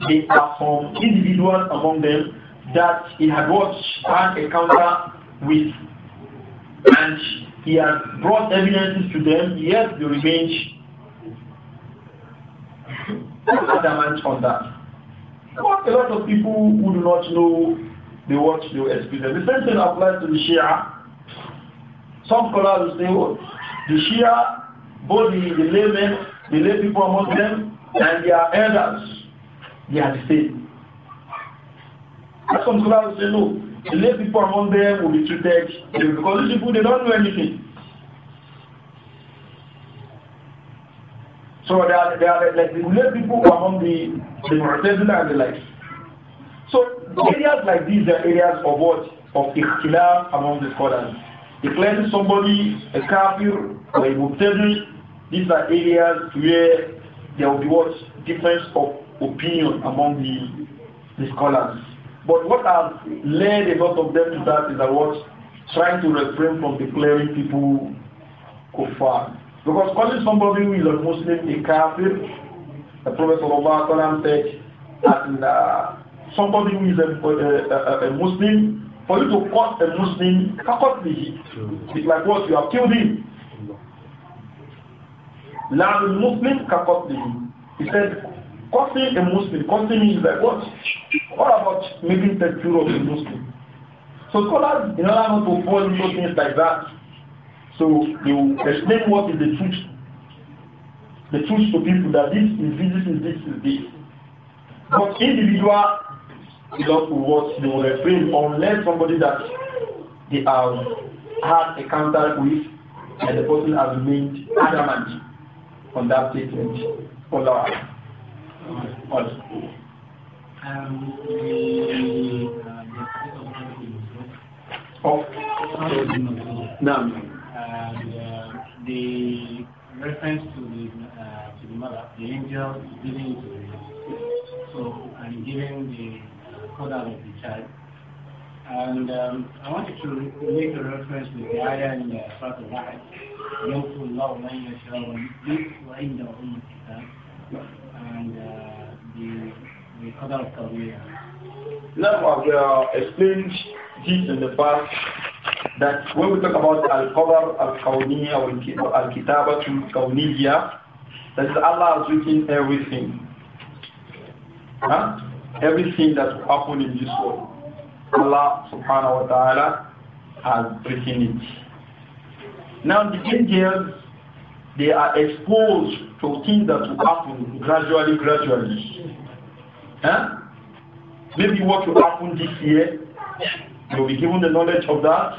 there are some individuals among them that he had watched an encounter with and he has brought evidences to them, yet they remain adamant on that. But a lot of people who do not know the what they were The same thing applies to the Shia. Some scholars will say, oh, the Shia, both the, the laymen, the lay people among them, and their elders, they are the same. And some scholars say, no, the lay people among them will be treated because these people, they don't know anything. So they are, they are like the lay people among the, the Mu'tazila and the likes. So areas like these are areas of what? Of ikhtilaf among the scholars. Declaring somebody a kafir or a mubtadi, these are areas where there will be what? Difference of opinion among the, the scholars. But what has led a lot of them to that is I was trying to refrain from declaring people kuffar. Because calling somebody who is a Muslim a kafir, the Prophet said that uh, somebody who is a, a, a, a Muslim, for you to cut a Muslim, cut me. It's like what? You have killed him. لعن المسلم kafir, He said, Costing a Muslim, costing means like what? What about making the of a Muslim? So scholars, in order not to fall into things like that, so they explain what is the truth. The truth to people that this is this, this is this, is this. But individual is not what they will refrain unless somebody that they have had a counter with and the person has remained adamant on that statement. Allah. All. Of the reference to the to the mother, the angel giving so and giving the codal of the child. And I wanted to make a reference with the ayah in the Surah and uh, the, the Qadr of Tawbiyah. Now, I've uh, explained this in the past that when we talk about Al-Qadr Al-Kawniyya or Al-Kitabatu Kawniyya, that is Allah has written everything. Huh? Everything that will happen in this world. Allah subhanahu wa ta'ala has written it. Now the angels they are exposed to things that will happen gradually, gradually. Huh? Maybe what will happen this year, you will be given the knowledge of that.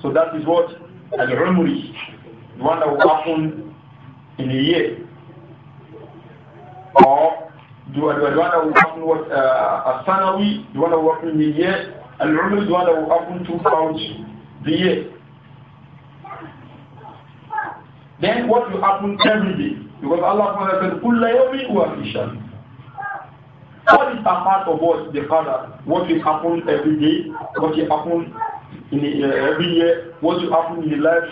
So that is what al-rumri, the one that will happen in a year. Or do do one that will happen what uh, a sanawi, the one that will happen in a year, And rumri the one that will happen throughout the year. Then what will happen every day? Because Allah said, Kulla yawmi wa fishan. All is a part of what the father, what will happen every day, what will happen in the, uh, every year, what will happen in the life,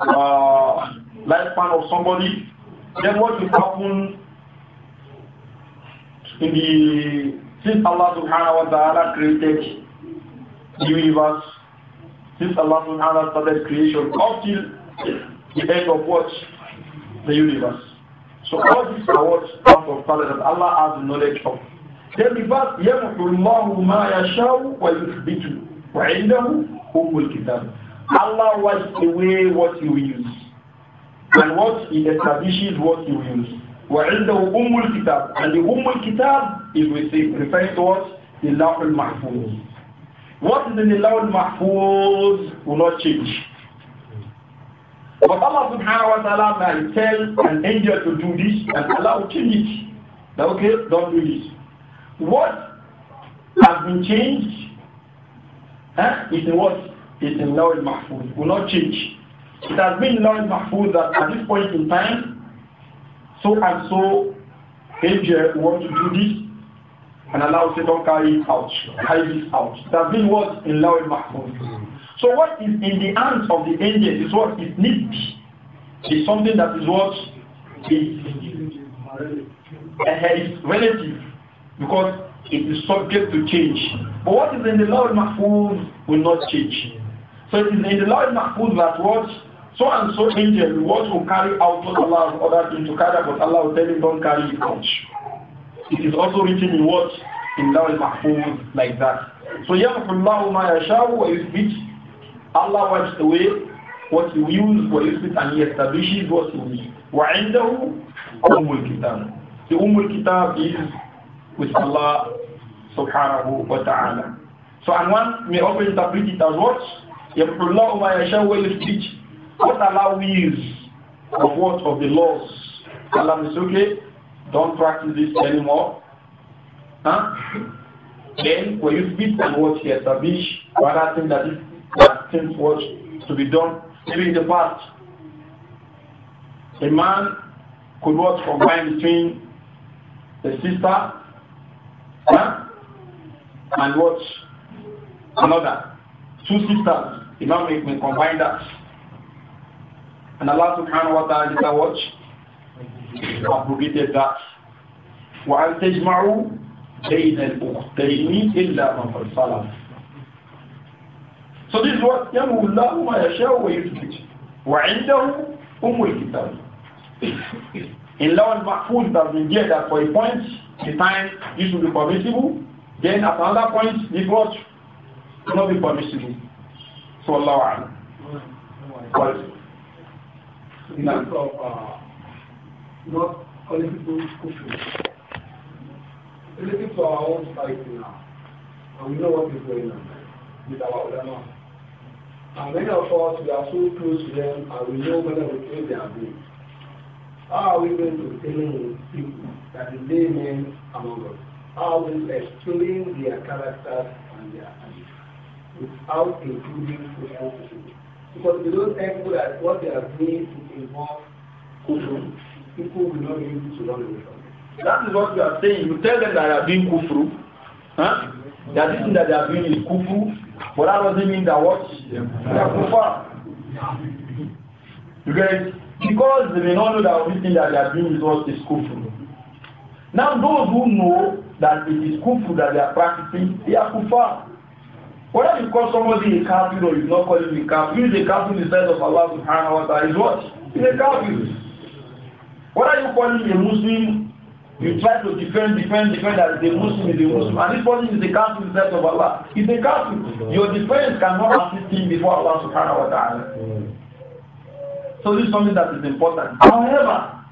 uh, lifespan of somebody, then what will happen in the, since Allah subhanahu wa ta'ala created the universe, since Allah subhanahu wa ta'ala started creation up till the end of what? The universe. So all these are what out of Paradise that Allah has knowledge of. Then the verse, يَمْحُ اللَّهُ مَا يَشَاءُ وَيُثْبِتُ وَعِنْدَهُ أُمُّ الْكِتَابِ Allah wipes away what you use. And what he establishes what you use. وعنده أم الكتاب and the أم الكتاب is with Him, referring to what the Lawh al-Mahfuz what is in the Lawul Mahfuz will not change. But Allah subhanahu wa ta'ala may tell an angel to do this and Allah will change it. okay, don't do this. What has been changed huh, is in it's in Lawul Mahfuz. Will not change. It has been Lawul Mahfuz that at this point in time, so and so angel wants to do this and Allah say, don't carry it out. Carry this out. That means what? In law mahfuz. So what is in the hands of the angels is what is needed. Is something that is what is relative because it is subject to change. But what is in the law mahfuz will not change. So it is in the law mahfuz that what so and so angel what will carry out what Allah has ordered him to carry out, but Allah will tell him don't carry it out it is also written in what? In Law al-Mahfuz, like that. So يَغْفُلْلَهُ مَا يَشَاءُ وَيُثْبِتُ Allah wipes away what he wills, what he wills, and he establishes what he wills. وعنده أم kitab. The Umm kitab is with Allah subhanahu wa ta'ala. So and one may also interpret it as what? يَبْحُلَّهُ مَا يَشَاءُ وَيُثْبِتُ What Allah wills of what? Of the laws. Allah is okay don't practice this anymore. Huh? Then when you speak and watch you establish, rather think that that things what to be done, maybe in the past. A man could not combine between the sister huh? and what another. Two sisters. Imam may combine that. And Allah subhanahu wa ta'ala watch abrogated that. وَأَنْ تَجْمَعُوا بَيْنَ الْأُخْتَيْنِ إِلَّا مَنْ So this is what يَمْهُ اللَّهُ مَا يَشَاءُ وَيُثْبِتُ وَعِنْدَهُ أُمُّ الْكِتَابِ In law and mahfuz, it has been that for a point the time, this will be permissible. Then at another point, this what will not be permissible. So Allah. Well, in terms of uh, not calling people We live to our own society now, and we know what is going on with our ulama. And many of us, we are so close to them, and we know whether we take their views. How are we going to tell people that the among us? How will explain their characters and their habits without including social issues? Because we don't think that what they are doing is involved people will not be able to run away from it. That is what you are saying. You tell them that they are doing kufru. Huh? That this thing that they are doing is kufru. But that doesn't mean that what? They are kufar. You guys, because they may not know that everything that they are doing is what is kufru. Now those who know that it is kufru that they are practicing, they are kufar. Whether you call somebody a kafir or you not call him a kafir, he is a kafir in the sense of Allah subhanahu wa ta'ala is what? He is a kafir. Whether you call him a Muslim, you try to defend, defend, defend that the Muslim is a Muslim. And this person is a castle instead of Allah. He's a castle. Your defense cannot assist him before Allah subhanahu wa ta'ala. So this is something that is important. However,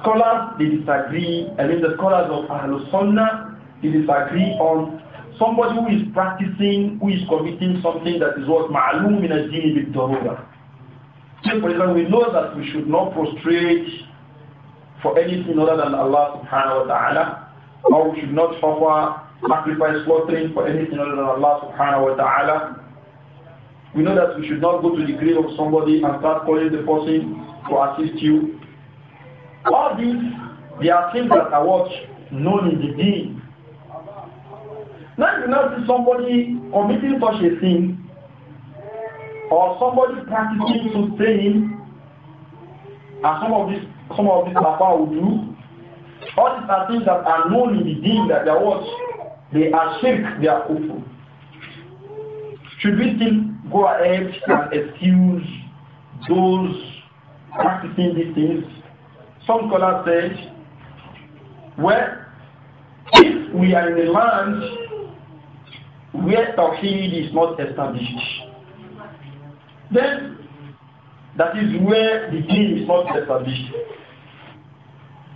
scholars they disagree, I mean the scholars of Ahlul Sunnah they disagree on somebody who is practicing, who is committing something that is what ma'alum min al-deen for example, we know that we should not prostrate for anything other than Allah subhanahu wa ta'ala, or we should not offer sacrifice slaughtering for anything other than Allah subhanahu wa ta'ala. We know that we should not go to the grave of somebody and start calling the person to assist you. All these, they are things that are what known in the deen. Now you know see somebody committing such a thing or somebody practicing sustaining, some of this, some of these Lafa will do, all these are things that are known in the deen that they are what? They are shirk, they are kufr. Should we still go ahead and excuse those practicing these things? Some scholars say, well, if we are in a land where Tawheed is not established, then that is where the deen is not established.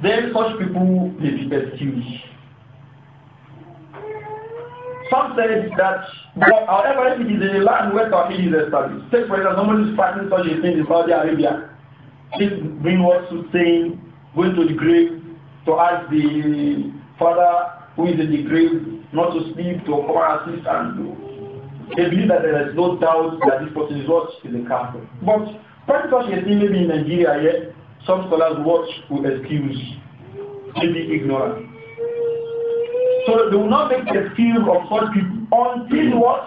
Then such people may be excused. Some say that, however, it is a land where Tawhid is established, take for example, someone is fighting such a thing in Saudi Arabia, this bring what to saying, going to the grave to ask the father who is in the grave not to sleep, to come assist and do. They believe that there is no doubt that this person is what is the kafir. But practically, I think maybe in Nigeria, yet some scholars watch will excuse, maybe ignorant, So they will not make the film of such people until what?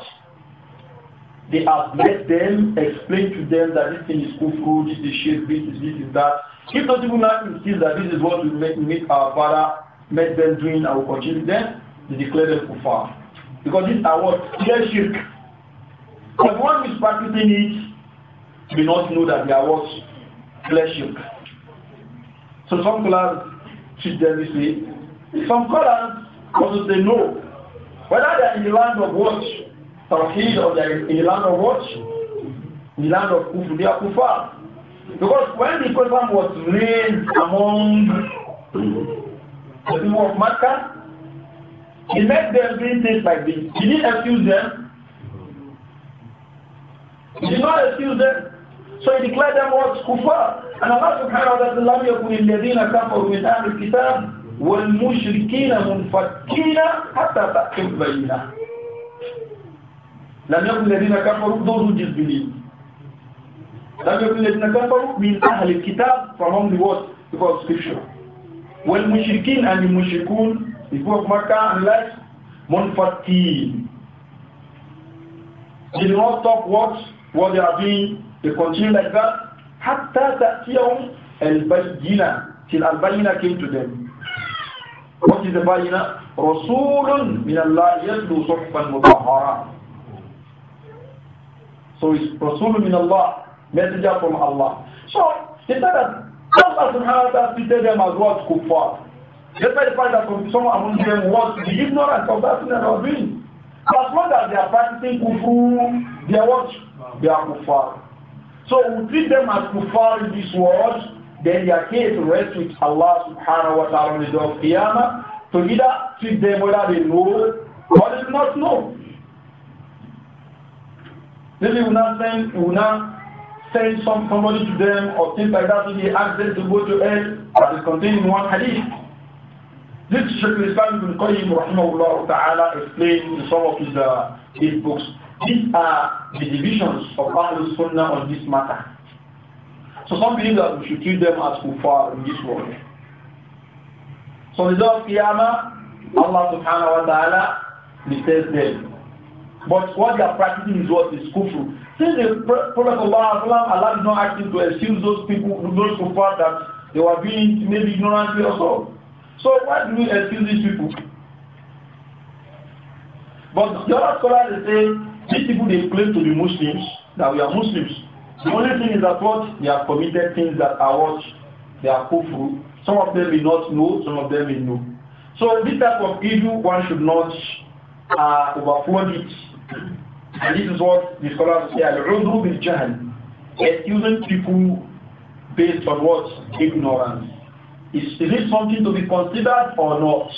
They have let them explain to them that this thing is kufru, this is this is this is that. If those people now insist that this is what we make, make our father make them doing, our will continue they declare them kufar. Because these are what? Clear shirk. But one who is practicing it may not know that there are what? Fleshing. So some scholars should them Some scholars also say no. Whether they are in the land of what? Tawheed or they are in the land of what? In the land of Kufr, they are Kufar. Because when the Quran was raised among the people of Makkah, he made them do things like this. He didn't accuse them. He did not excuse them. So he declared them what? Kufar. And Allah subhanahu wa ta'ala لم يكن الذين كفروا من أهل الكتاب والمشركين منفكين حتى تأتي البينة. لم يكن الذين كفروا those who disbelieve. لم يكن الذين كفروا من أهل الكتاب from the what? Because scripture. والمشركين and the mushrikun, the people of Makkah and like منفكين. Did not talk what? what they are doing, they continue like that, حتى تأتيهم البينة till البينة came to them. What is the bayina? رسول من الله يتلو صحفا مطهرة. So it's رسول من الله, messenger from Allah. So they said that Allah subhanahu wa ta'ala treated them as what kuffar. Just by the fact that some among them was the ignorance of that thing that they were doing. As long as they are practicing kufu, they are what? they are kufar. So we treat them as kuffar in this world, then their case rests with Allah subhanahu wa ta'ala on the day of Qiyamah to either treat them whether they know or they do not know. Maybe we will not send, we will not send some, somebody to them or things like that to be asked them to go to hell is contained in one hadith. This Shaykh Islam ibn Qayyim rahimahullah ta'ala explained in some of his, uh, his books. These are the divisions of Ahlul Sunnah on this matter. So some believe that we should treat them as kuffar in this world. So the day of Qiyamah, Allah subhanahu wa ta'ala detests them. But what they are practicing is what is kufr. Since the Prophet Allah, Allah is not asking to excuse those people, those kuffar that they were being maybe ignorantly or so. So why do we excuse these people? But the other scholars say these people they claim to be Muslims, that we are Muslims. The only thing is that what they have committed things that are what they are kufru. Some of them may not know, some of them may know. So this type of evil one should not uh, overflow it. And this is what the scholars say al-udru bil jahl. using people based on what? Ignorance. Is, is it something to be considered or not?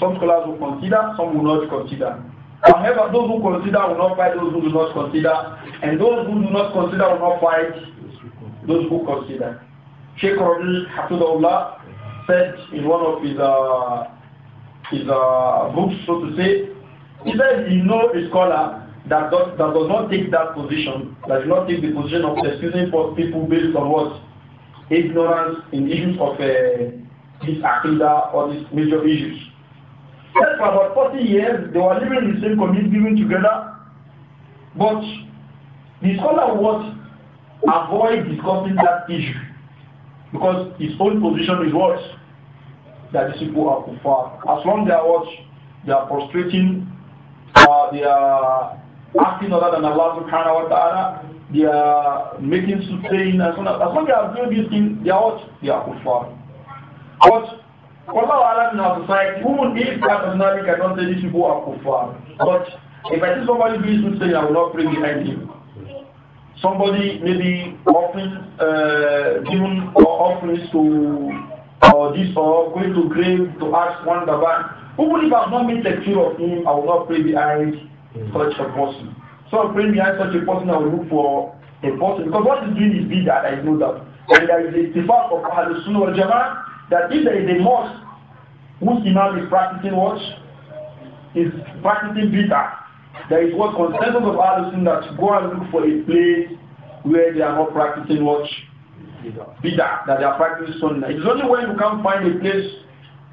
Some scholars will consider, some will not consider. However, those who consider will not fight those who do not consider, and those who do not consider will not fight those who consider. Sheikh Rabi Hafidullah said in one of his, uh, his uh, books, so to say, he said he know, a scholar that does, that does not take that position, that does not take the position of excusing for people based on what? Ignorance in issues of uh, this aqidah or these major issues. Except for about 40 years, they were living in the same community, living together. But the scholar would avoid discussing that issue because his own position is what? That these people are kufar. As long as they are what? They are prostrating, uh, they are acting other than Allah subhanahu wa ta'ala, they are making sustained and so As long as they are doing this thing, they are what? They are kufar. But Wallahu alam in our society, who would need that personality cannot say these people are kuffar. But if I see somebody doing something, I will not pray behind him. Somebody maybe offering, uh, giving or offerings to, or this or going to grave to ask one Baba, who would if I have not made the cure of him, I will not pray behind such a person. So praying behind such a person, I will look for a person. Because what he's doing is bid'ah, I know that. And there is a debate of Ahlul Sunnah wal Jama'ah that if there is a mosque which imam is practicing what is practicing bitter, there is what consensus of others in that go and look for a place where they are not practicing what bitter, that they are practicing sunnah. It is only when you can find a place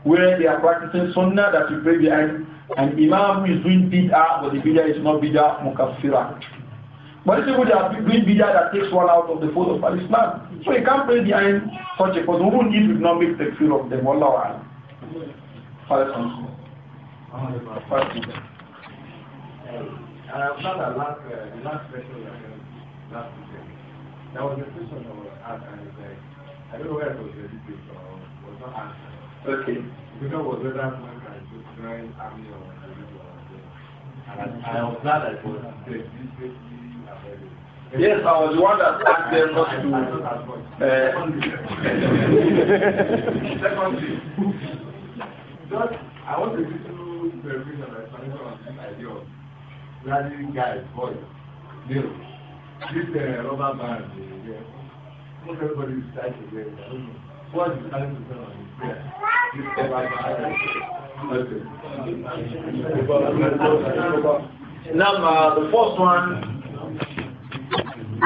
where they are practicing sunnah that you pray behind an imam who is doing bid'ah, but the bid'ah is not bid'ah mukaffirah. But these people they are doing bid'ah that takes one out of the fold of Islam. So you can't pray behind such a person who need to not make the fear of them. Allah Allah. Uh, last, uh, the last question last weekend. There was a question that was asked and it's like, I don't know it was or was not answered. Okay. The question was whether can join army or And I, I was glad was Yes, I was the one that asked them not to. Uh, Secondly, just I want to give you verification I explanation on this idea of graduating guys, boys, males. This uh, rubber band, uh, yeah. Most everybody is tied together. I don't know. What is starting to turn on Okay. Now, uh, the first one.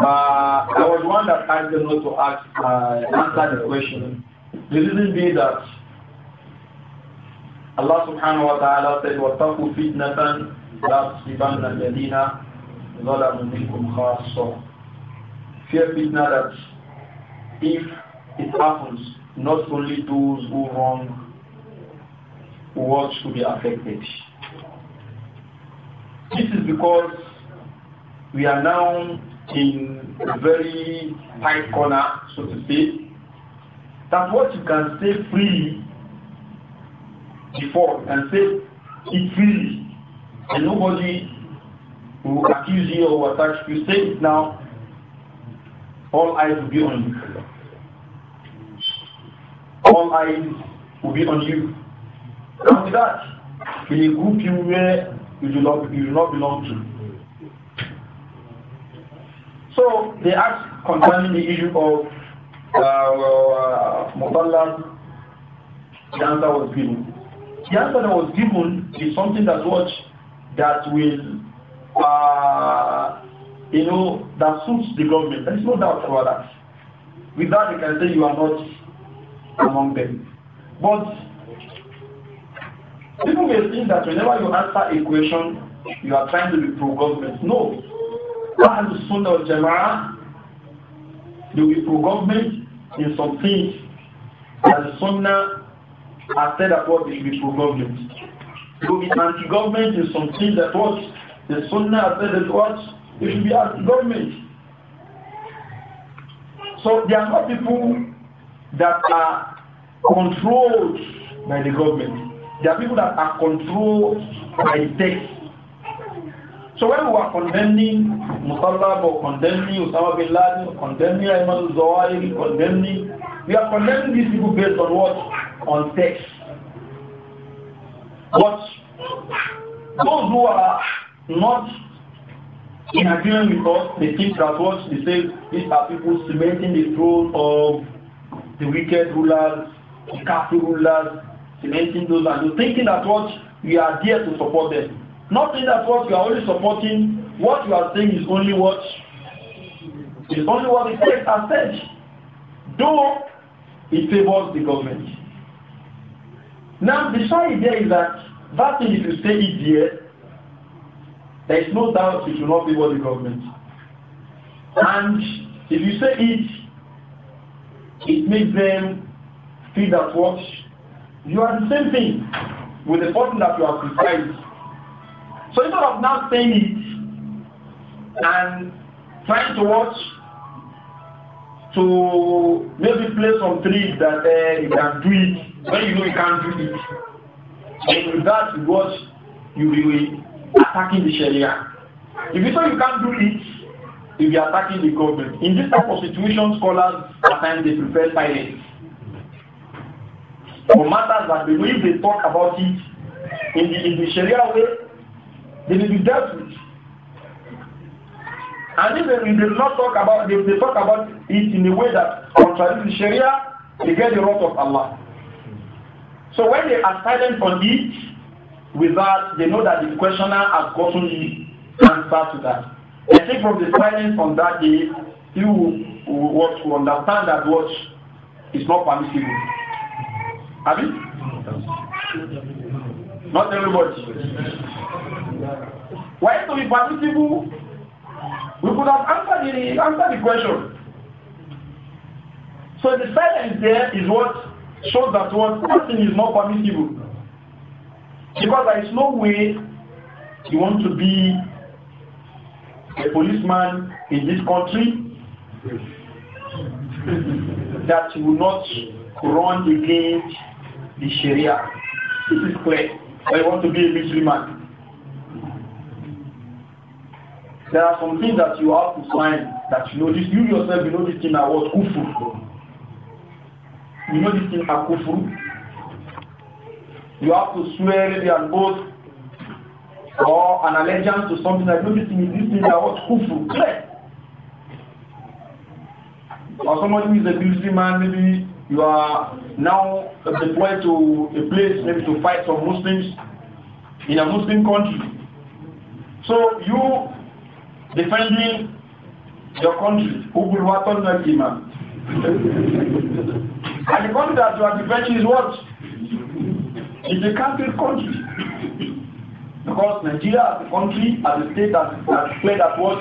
Uh, I was one that asked them not to ask, uh, answer the question. The reason being that Allah subhanahu wa ta'ala said, وَاتَّقُوا فِتْنَةً لَا تُصِيبَنَّ الَّذِينَ ظَلَمُوا مِنْكُمْ خَاصَّةً Fear fitna that if it happens, not only those who wrong watch, should be affected. This is because we are now in a very tight corner, so to say, that what you can say freely before, and say it freely, and nobody will accuse you or attack you. Say it now, all eyes will be on you. All eyes will be on you. And that, in a group you where you do not, you do not belong to. So they asked concerning the issue of uh, uh the answer was given. The answer that was given is something that what that will uh, you know that suits the government. There is no doubt about that. With that, you can say you are not among them. But people may think that whenever you answer a question, you are trying to be pro-government. No, Ahlul Sunnah wal Jama'ah, they will pro government in some things that Sunnah has said that what they will be pro government. They will be anti government in some things that what the Sunnah has said that what they should be anti government. So there are not people that are controlled by the government. There are people that are controlled by the text. So when we are condemning Musallab or condemning Osama bin Laden or condemning Ayman al-Zawahiri, condemning, we are condemning these people based on what? On text. But those who are not in agreement with us, they think that what they say, these are people cementing the throne of the wicked rulers, the Catholic rulers, cementing those and those, thinking that what we are there to support them. Not saying that what you are only supporting, what you are saying is only what is only what the text has said. Though it favors the government. Now the side idea is that that thing if you say it here, there is no doubt it will not favor the government. And if you say it, it makes them feel that what you are the same thing with the person that you are criticizing. So instead of now saying it and trying to watch to maybe play some tricks that uh, you can do it when you know you can't do it. And with that, you watch, you will attacking the Sharia. If you say you can't do it, you'll be attacking the government. In this type of situation, scholars at times they prefer silence. For matters that the way they talk about it in the, in the Sharia way, they will be dealt with. And if they, they will not talk about if they talk about it in a way that contradicts the Sharia, they get the wrath of Allah. So when they are silent on it, with that they know that the questioner has gotten the answer to that. I think from the silence on that day, you will, will understand that what is not permissible. Have you? Not everybody. Why to be permissible? We could have answered the, answered the question. So the silence there is what shows that what nothing is not permissible. Because there is no way you want to be a policeman in this country that you will not run against the Sharia. This is clear. I want to be a Muslim man. There are some things that you have to find that you know this. You yourself, you know this thing that was kufru. You know this thing are kufu. You have to swear maybe an oath or an allegiance to something like, know this thing this thing that was kufru. Clear. Or somebody who is a military man, maybe you are now deployed to a place maybe to fight some Muslims in a Muslim country. So you defending your country, who Ubul Watan demand? and the country that you are defending is what? It's a country country. Because Nigeria as a country, as a state, that has declared that what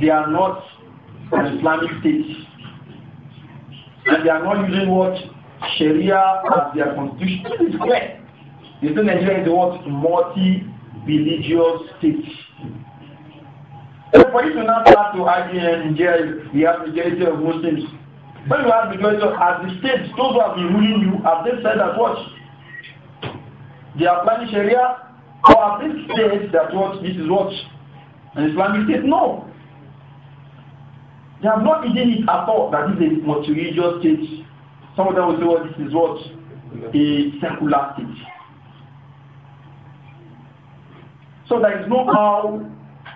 they are not an Islamic state. And they are not using what Sharia as their constitution. It is clear. You see, Nigeria is what multi-religious state. The for you not have start to argue and you have majority of Muslims. When you have majority of as the state, those who have been ruling you, have they said that what? They are planning Sharia or have they said that what this is what? An Islamic state? No. They have not even it at all that this is a multi-religious state. Some of them will say, well, this is what? A secular state. So there is no how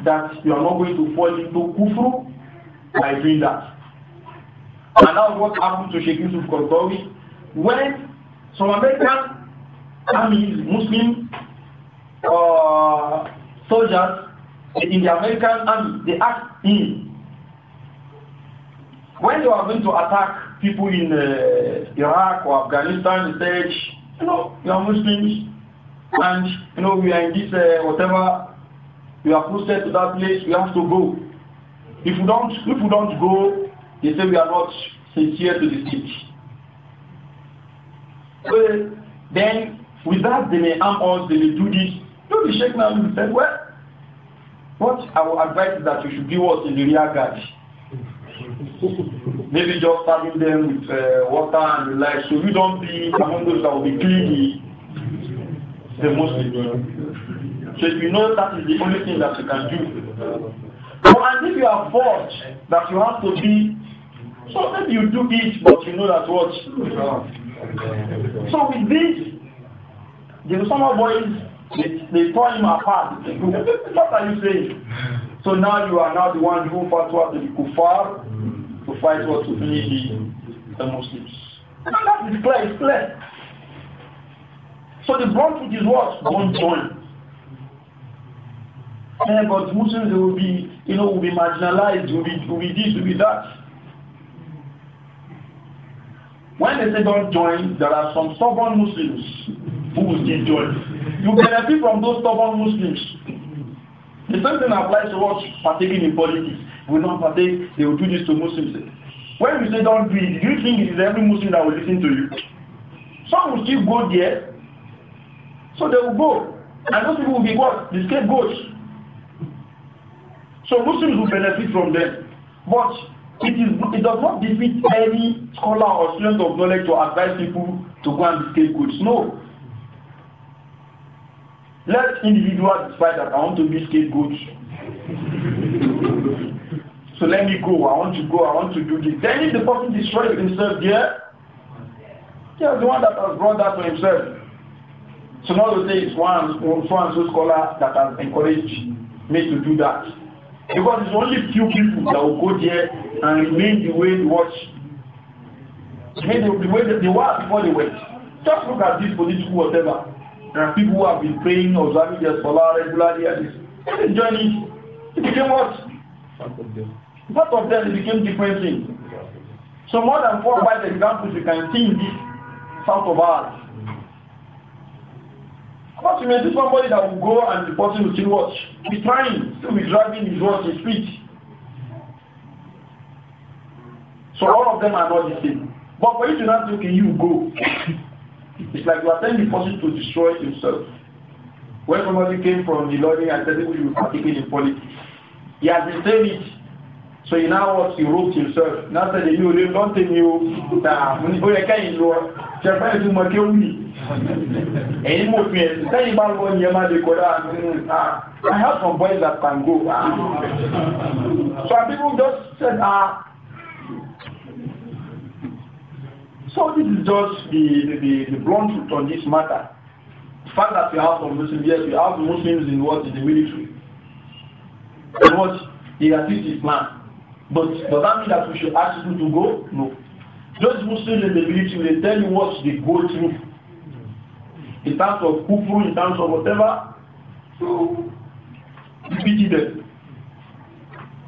that you are not going to fall into kufru by doing that. And that was what happened to Sheikh Yusuf Kordawi when some American armies, Muslim uh, soldiers in the American army, they asked him when they were going to attack people in uh, Iraq or Afghanistan, they said, you know, you are Muslims and you know we are in this uh, whatever we are posted to that place, We have to go. If we don't, if we don't go, they say we are not sincere to the city. So then, with that, they may harm us, they may do this. Don't be shaken and say, well, what our advice is that you should give us in the rear guard. Maybe just serving them with uh, water and the like, so you don't be among those that will be cleaning the Muslims. So you know that is the only thing that you can do. But and if you are forced that you have to be, so maybe you do it, but you know that what. So with this, the summer boys they, they tore him apart. what are you saying? So now you are now the one who fought what the kuffar to fight what to finish the, the Muslims. And that is clear, it's clear. So the blunt is what? Don't join. Yeah, but Muslims they will be, you know, will be marginalized, will be, will be this, will be that. When they say don't join, there are some stubborn Muslims who will still join. You benefit from those stubborn Muslims. The same thing applies to us partaking in politics. We don't partake, they will do this to Muslims. When we say don't do it, do you think it is every Muslim that will listen to you? Some will still go there, so they will go. And those people will be what? The scapegoats. So Muslims will benefit from them. But it, is, it does not defeat any scholar or student of knowledge to advise people to go and be scapegoats. No. Let individuals decide that I want to be scapegoats. so let me go. I want to go. I want to do this. Then if the person destroys himself there, yeah, the one that has brought that to himself. So now the thing is one, one so and so scholar that has encouraged me to do that. Because it's only few people that will go there and remain the way they watch. Remain the way that they were before they went. Just look at this political whatever. There are people who have been praying, observing their salah regularly at this. They enjoyed it. It became what? Part of them it became different things. So more than four or five examples you can see in this south of ours. But you may see somebody that will go and the person will still watch. He's trying, still be driving his watch, his feet. So all of them are not the same. But for you to not say, okay, you go. it's like you are telling the person to destroy himself. When somebody came from the learning and said, we will participate in politics. He has been saying it. So he now wants to roped himself. Now said, you don't tell you don't in you that ẹ̀yin mo fi ẹ̀sìn sẹ́yìn bá lọ ní ẹ máa I have some boys that can go some people just said ah so this is just the the the blunt truth on this matter the fact that we have some Muslims yes we have Muslims in what in the military and what they assist Islam but does that mean that we should ask people to go no those Muslims in the military they tell you what to go through. in terms of kufru, in terms of whatever. So, pity them.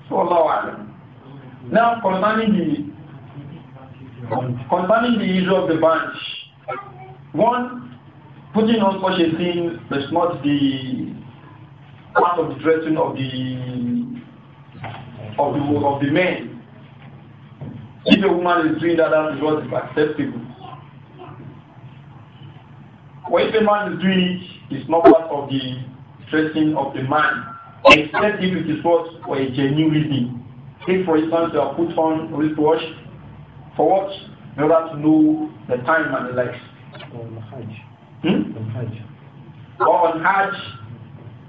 So, Allah Alam. Now, concerning the, concerning the issue of the bunch, one, putting on such a thing does not the part of the dressing of the of the of the men. If a woman is doing that, that is what is acceptable. what if a man is doing it, it's not part of the dressing of the man, except if it is what for a genuine reason. for instance, they are put on wristwatch for what? In order to know the time and the likes. On Hajj. Hmm? On Hajj. Or on Hajj,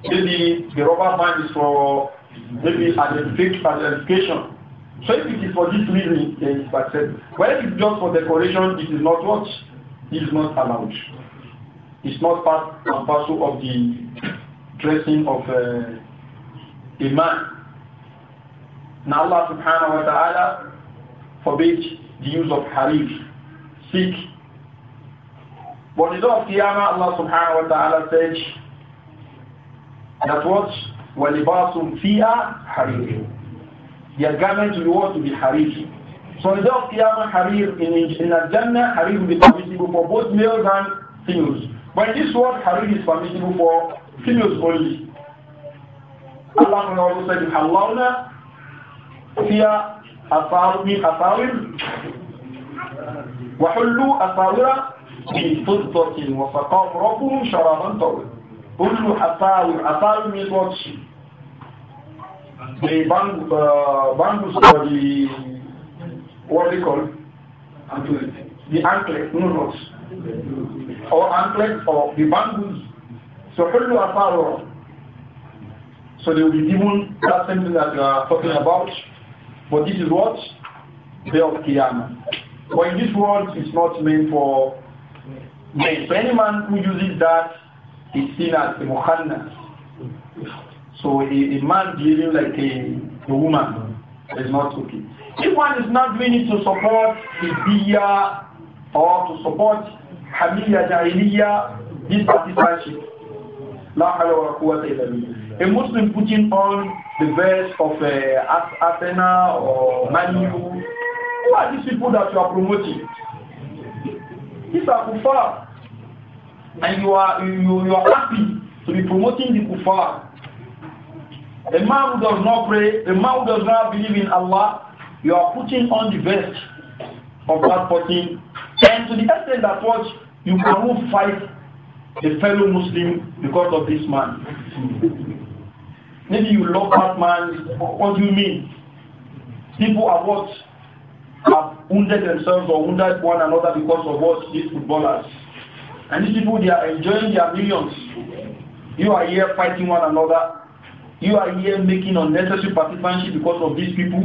maybe the rubber band is for maybe identification. So if it is for this reason, then it's accepted. But if it's just for decoration, it is not what? It is not allowed. It's not part and parcel of the dressing of uh, a man. Now Allah subhanahu wa ta'ala forbids the use of harif, Seek, But the day of Qiyamah, Allah subhanahu wa ta'ala says that what? وَلِبَاسٌ فِيهَا حَرِيرٌ Their garment will want to be harif. So the day of Qiyamah, harir in, in the jannah harir will be permissible for both males and females. But this word harem is permissible for females only. Allah can also say, Halawna, Fia, Asawin, wa hullu Asawira, in Fuzdotin, Wasakam, Rabum, Sharaban, Tawin. Hullu, Asawin, Asawin means what? The bang, uh, or the, what do call The anklet, no knots or anklets or the bangles. So Hullu Afarura. So they will be given that same thing that you are talking about. But this is what? Day of Qiyamah. But in this world, it's not meant for men. So any man who uses that is seen as a muhanna. So a, a man behaving like a, a woman is not okay. If one is not doing it to support the beer or to support Hamiyya Jahiliya, this partisanship. La hawla wa quwwata A Muslim putting on the vest of uh, Athena or Manu. Who are these people that you are promoting? These are kuffar. And you are, you, you are happy to be promoting the kuffar. A man who does not pray, a man who does not believe in Allah, you are putting on the vest of that person and to the extent that what you can't fight a fellow Muslim because of this man. Maybe you love that man. What do you mean? People are what have wounded themselves or wounded one another because of what these footballers. And these people they are enjoying their millions. You are here fighting one another. You are here making unnecessary participation because of these people.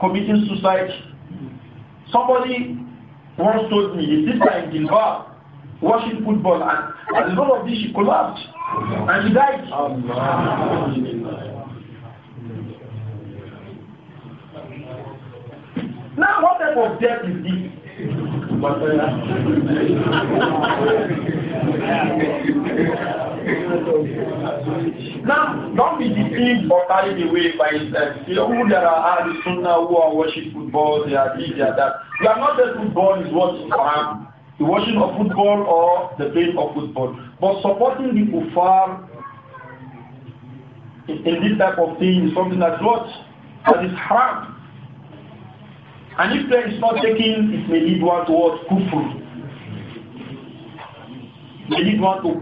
Committing suicide Somebody once told me, his sister in Gilbar watching football and as a result of this she collapsed and she died. now what type of death is this? Now, don't be deceived or carried away by uh, people that are hard sunnah who are watching football, they are this, they are that. You are not that football is what you have. The watching of football or the playing of football. But supporting the kuffar in, in this type of thing is something that's what? That is haram. And if there is not taking it may lead one towards kufr. may lead one to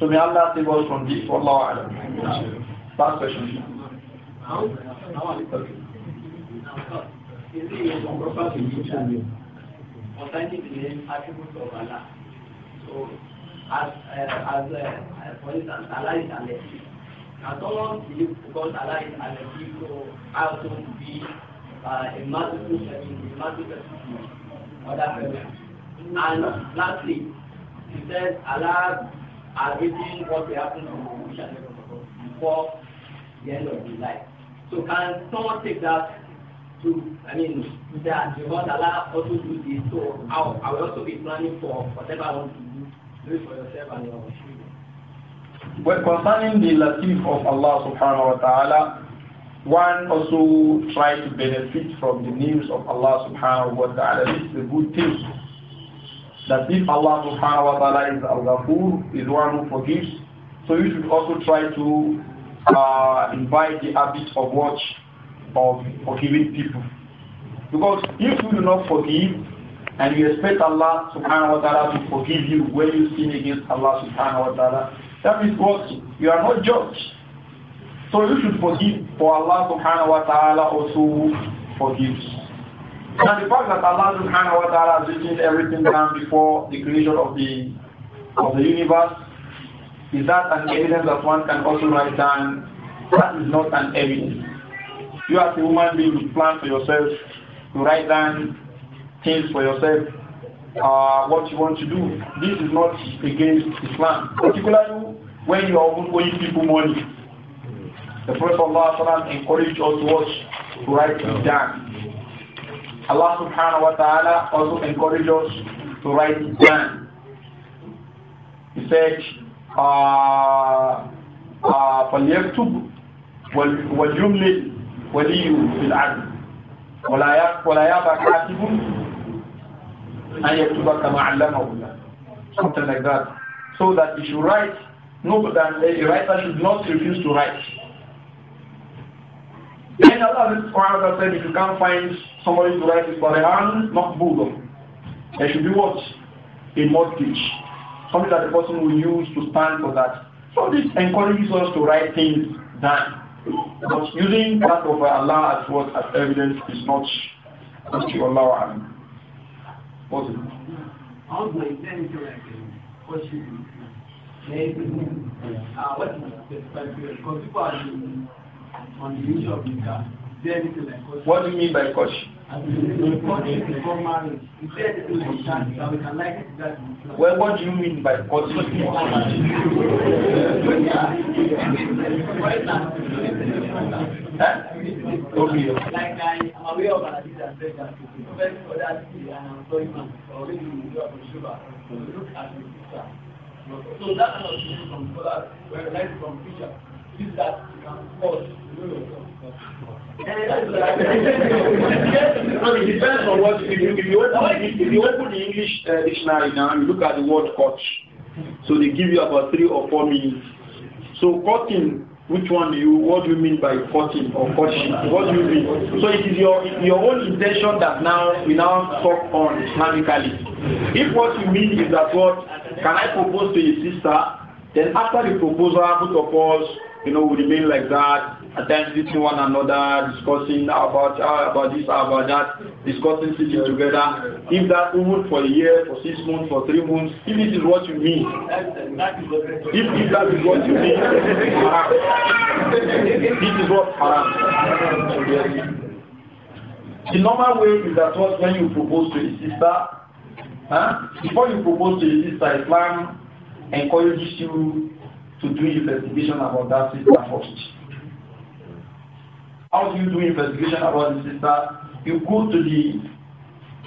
so may Allah save us from this. Wallahu Last question. Okay. Concerning the name attributes of Allah. So, as, uh, as uh, for instance, Allah is Allah. Can someone believe because Allah is Allah, so I also be uh, a multiple person, a multiple person? And lastly, he says Allah are reading what will happen to each before the end of his life. So can someone take that to, I mean, that the Lord allow also do this, so I'll, I will also be planning for whatever I want to do. Do it for yourself and your children. Well, concerning the latif of Allah subhanahu wa ta'ala, one also try to benefit from the news of Allah subhanahu wa ta'ala. This is a good thing that if Allah subhanahu wa ta'ala is al-Ghafur, is one who forgives, so you should also try to uh, invite the habit of watch Of forgiving people. Because if you do not forgive, and you expect Allah subhanahu wa ta'ala to forgive you when you sin against Allah subhanahu wa ta'ala, that means what? You are not judged. So you should forgive, for Allah subhanahu wa ta'ala also forgives. And the fact that Allah subhanahu wa ta'ala has written everything down before the creation of the of the universe, is that an evidence that one can also write down? That is not an evidence. You as a human being plan for yourself, to write down things for yourself, uh, what you want to do. This is not against Islam, particularly when you are owing people money. The Prophet encouraged us to watch, to write it down. Allah subhanahu wa ta'ala also encourages us to write it down. He said, uh, uh فَلْيَكْتُبْ وَلْيُمْلِلْ وَلِيُّ فِي الْعَدْلِ وَلَا يَأْبَى كَاتِبٌ أَنْ يَكْتُبَ كَمَا عَلَّمَهُ اللَّهُ Something like that. So that if you write, no, that a writer should not refuse to write. Then Allah subhanahu said, if you can't find somebody to write it for the hand, not Buddha. There should be what? A mortgage. Something that the person will use to stand for that. So this encourages us to write things down. But using that of Allah as what as evidence is not as to Allah. What's it? How do I then correct What should we do? Maybe. Uh, what is the Because people are on the use of What do you mean by coach? Well, what do you mean by caution? okay. Like I am aware of an hadith that that the for that and I'm sorry man, or you are from Shiva, look at the picture, So that kind from scholars, where life from teacher things that you can cause. it depends on what you, if you open if you open the English uh, dictionary now you look at the word coach, so they give you about three or four minutes. So cutting, which one do you what do you mean by cutting or coaching? What do you mean? So it is your your own intention that now we now talk on Islamically. If what you mean is that what can I propose to your sister, then after the proposal both of us you know, we remain like that, attending one another, discussing about uh, about this, ah, about that, discussing sitting together. If that would for a year, for six months, for three months, if this is what you mean, if, if that is what you mean, this is what happens. The normal way is that what when you propose to a sister, huh? before you propose to a sister, Islam encourages you to do investigation about that sister first. How do you do investigation about the sister? You go to the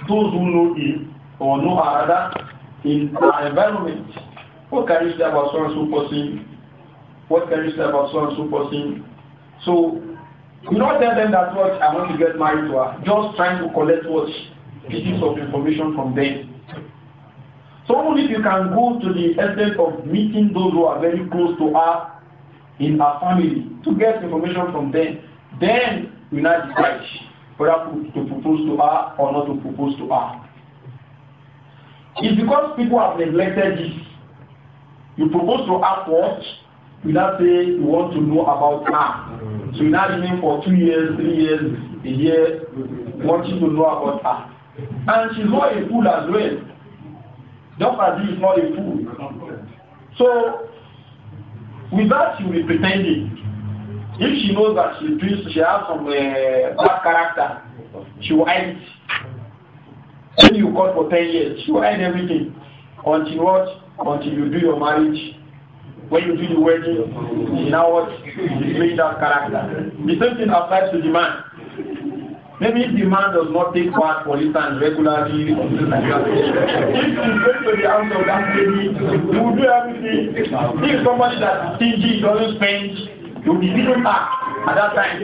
those who know him or know her rather in her environment. What can you say about so and so person? What can you say about so and so person? So you not tell them that what I want to get married to her, just trying to collect what pieces of information from them if you can go to the extent of meeting those who are very close to her in her family to get information from them, then you now decide whether to propose to her or not to propose to her. It's because people have neglected this. You propose to her first, you now say you want to know about her. So you now remain for two years, three years, a year, wanting to know about her. And she's not a fool as well. Dr. as is not a fool. So, with that, she will be pretending. If she knows that she thinks she has some uh, bad character, she will hide it. When you call for 10 years, she will hide everything. Until what? Until you do your marriage. When you do the wedding, you know what? You bring that character. The same thing applies to the man. Maybe if the man does not take part, for instance, regularly, if he goes to the house of that lady, he will do everything. If somebody that stingy doesn't spend, he will be given back at that time.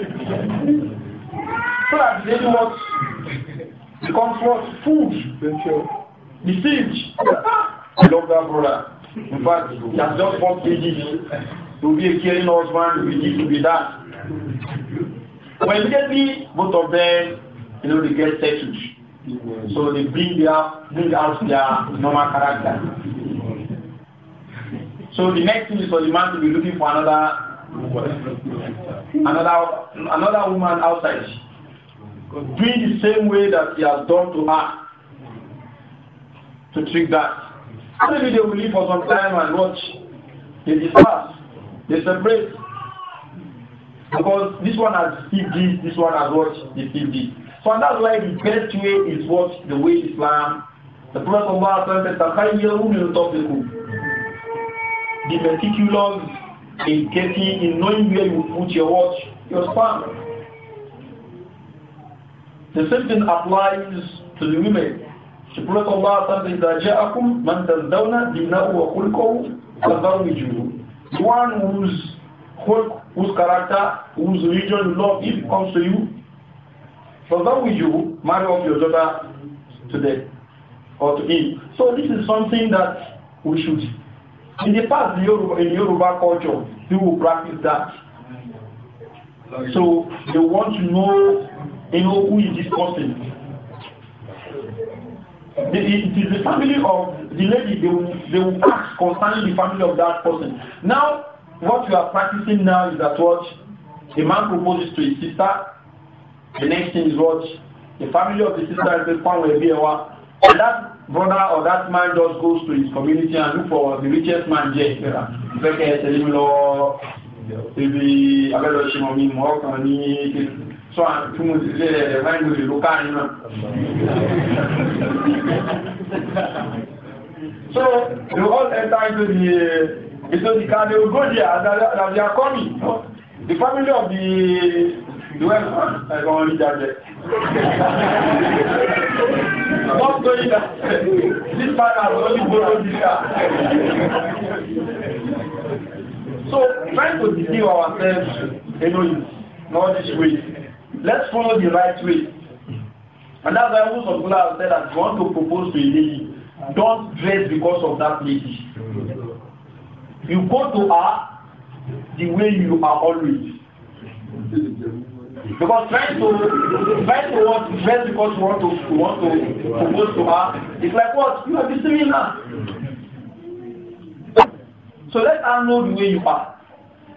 So that the lady what becomes what? Food. the Deceived. I love that brother. In fact, he has just fought ages to be a caring husband, to be to be that. Well, immediately, both of them, you know, they get settled. So they bring their bring out their normal character. So the next thing is for the man to be looking for another another another woman outside, doing the same way that he has done to her to trick that. Maybe they will leave for some time and watch. They disperse, they separate. Because this one has this, this one has what? The this. So that's why the best way is what the way Islam. The Prophet of Allah said, the meticulous in getting, in knowing where you put your watch, your sperm. The same thing applies to the women. The Prophet of Allah said, إِذَا جَاءَكُمْ مَنْ تَزْدَوْنَ دِينَهُ وَخُلْقَهُ فَزَوِّجُهُ The one who's whose character, whose religion you love, if it comes to you, for that will you marry off your daughter today or to him. So this is something that we should. In the past, in Yoruba, in Yoruba culture, people practice that. So they want to know, you know, who is this person. it is the family of the lady. They will, they will ask concerning the family of that person. Now, what you are practicing now is that what a man proposes to his sister, the next thing is what the family of the sister is one will be And that brother or that man just goes to his community and look for the richest man there. So I'm So they all enter into the It so the can will go there that, they are coming. The family of the the well I don't want that yet. going that this man has only borrowed this car. so trying to deceive ourselves, you know, not this way. Let's follow the right way. And that's why most of people have said that you want to propose to a lady, don't dress because of that lady. You go to her the way you are always. Because trying to trying to want because you want to you want to propose to her, it's like what? You are deceiving her. So let her know the way you are.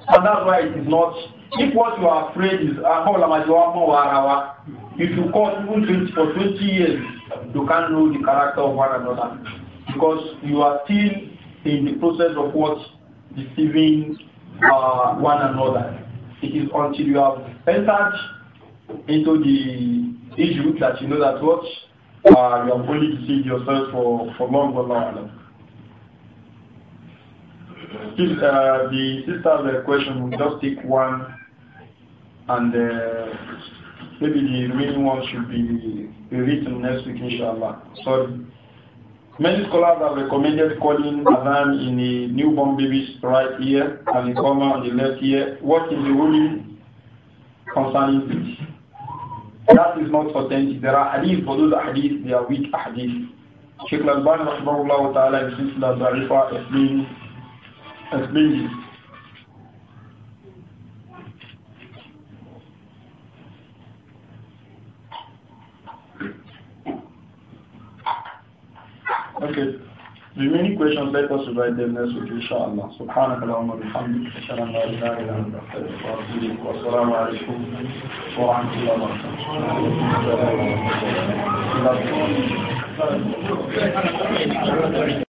And that's why it is not if what you are afraid is ah, if you call even for 20 years, you can't know the character of one another because you are still in the process of what deceiving uh, one another. It is until you have entered into the issue that you know that what uh, you going only deceived yourself for, for long, for long. Still, uh, the uh, question, we'll just take one, and uh, maybe the remaining one should be written next week, inshallah. Sorry. Many scholars have recommended calling Adhan in the newborn baby's right ear and the comma on the left ear. What is the ruling concerning this? That is not authentic. There are hadith, but those hadith, they are weak hadith. Sheikh Al-Bani, rahimahullah ta'ala, in Sisla Zarifa, explained this. Okay. Do you questions? Let us write them next week, inshallah. Subhanak Allahumma bihamdik. Ashhadu an la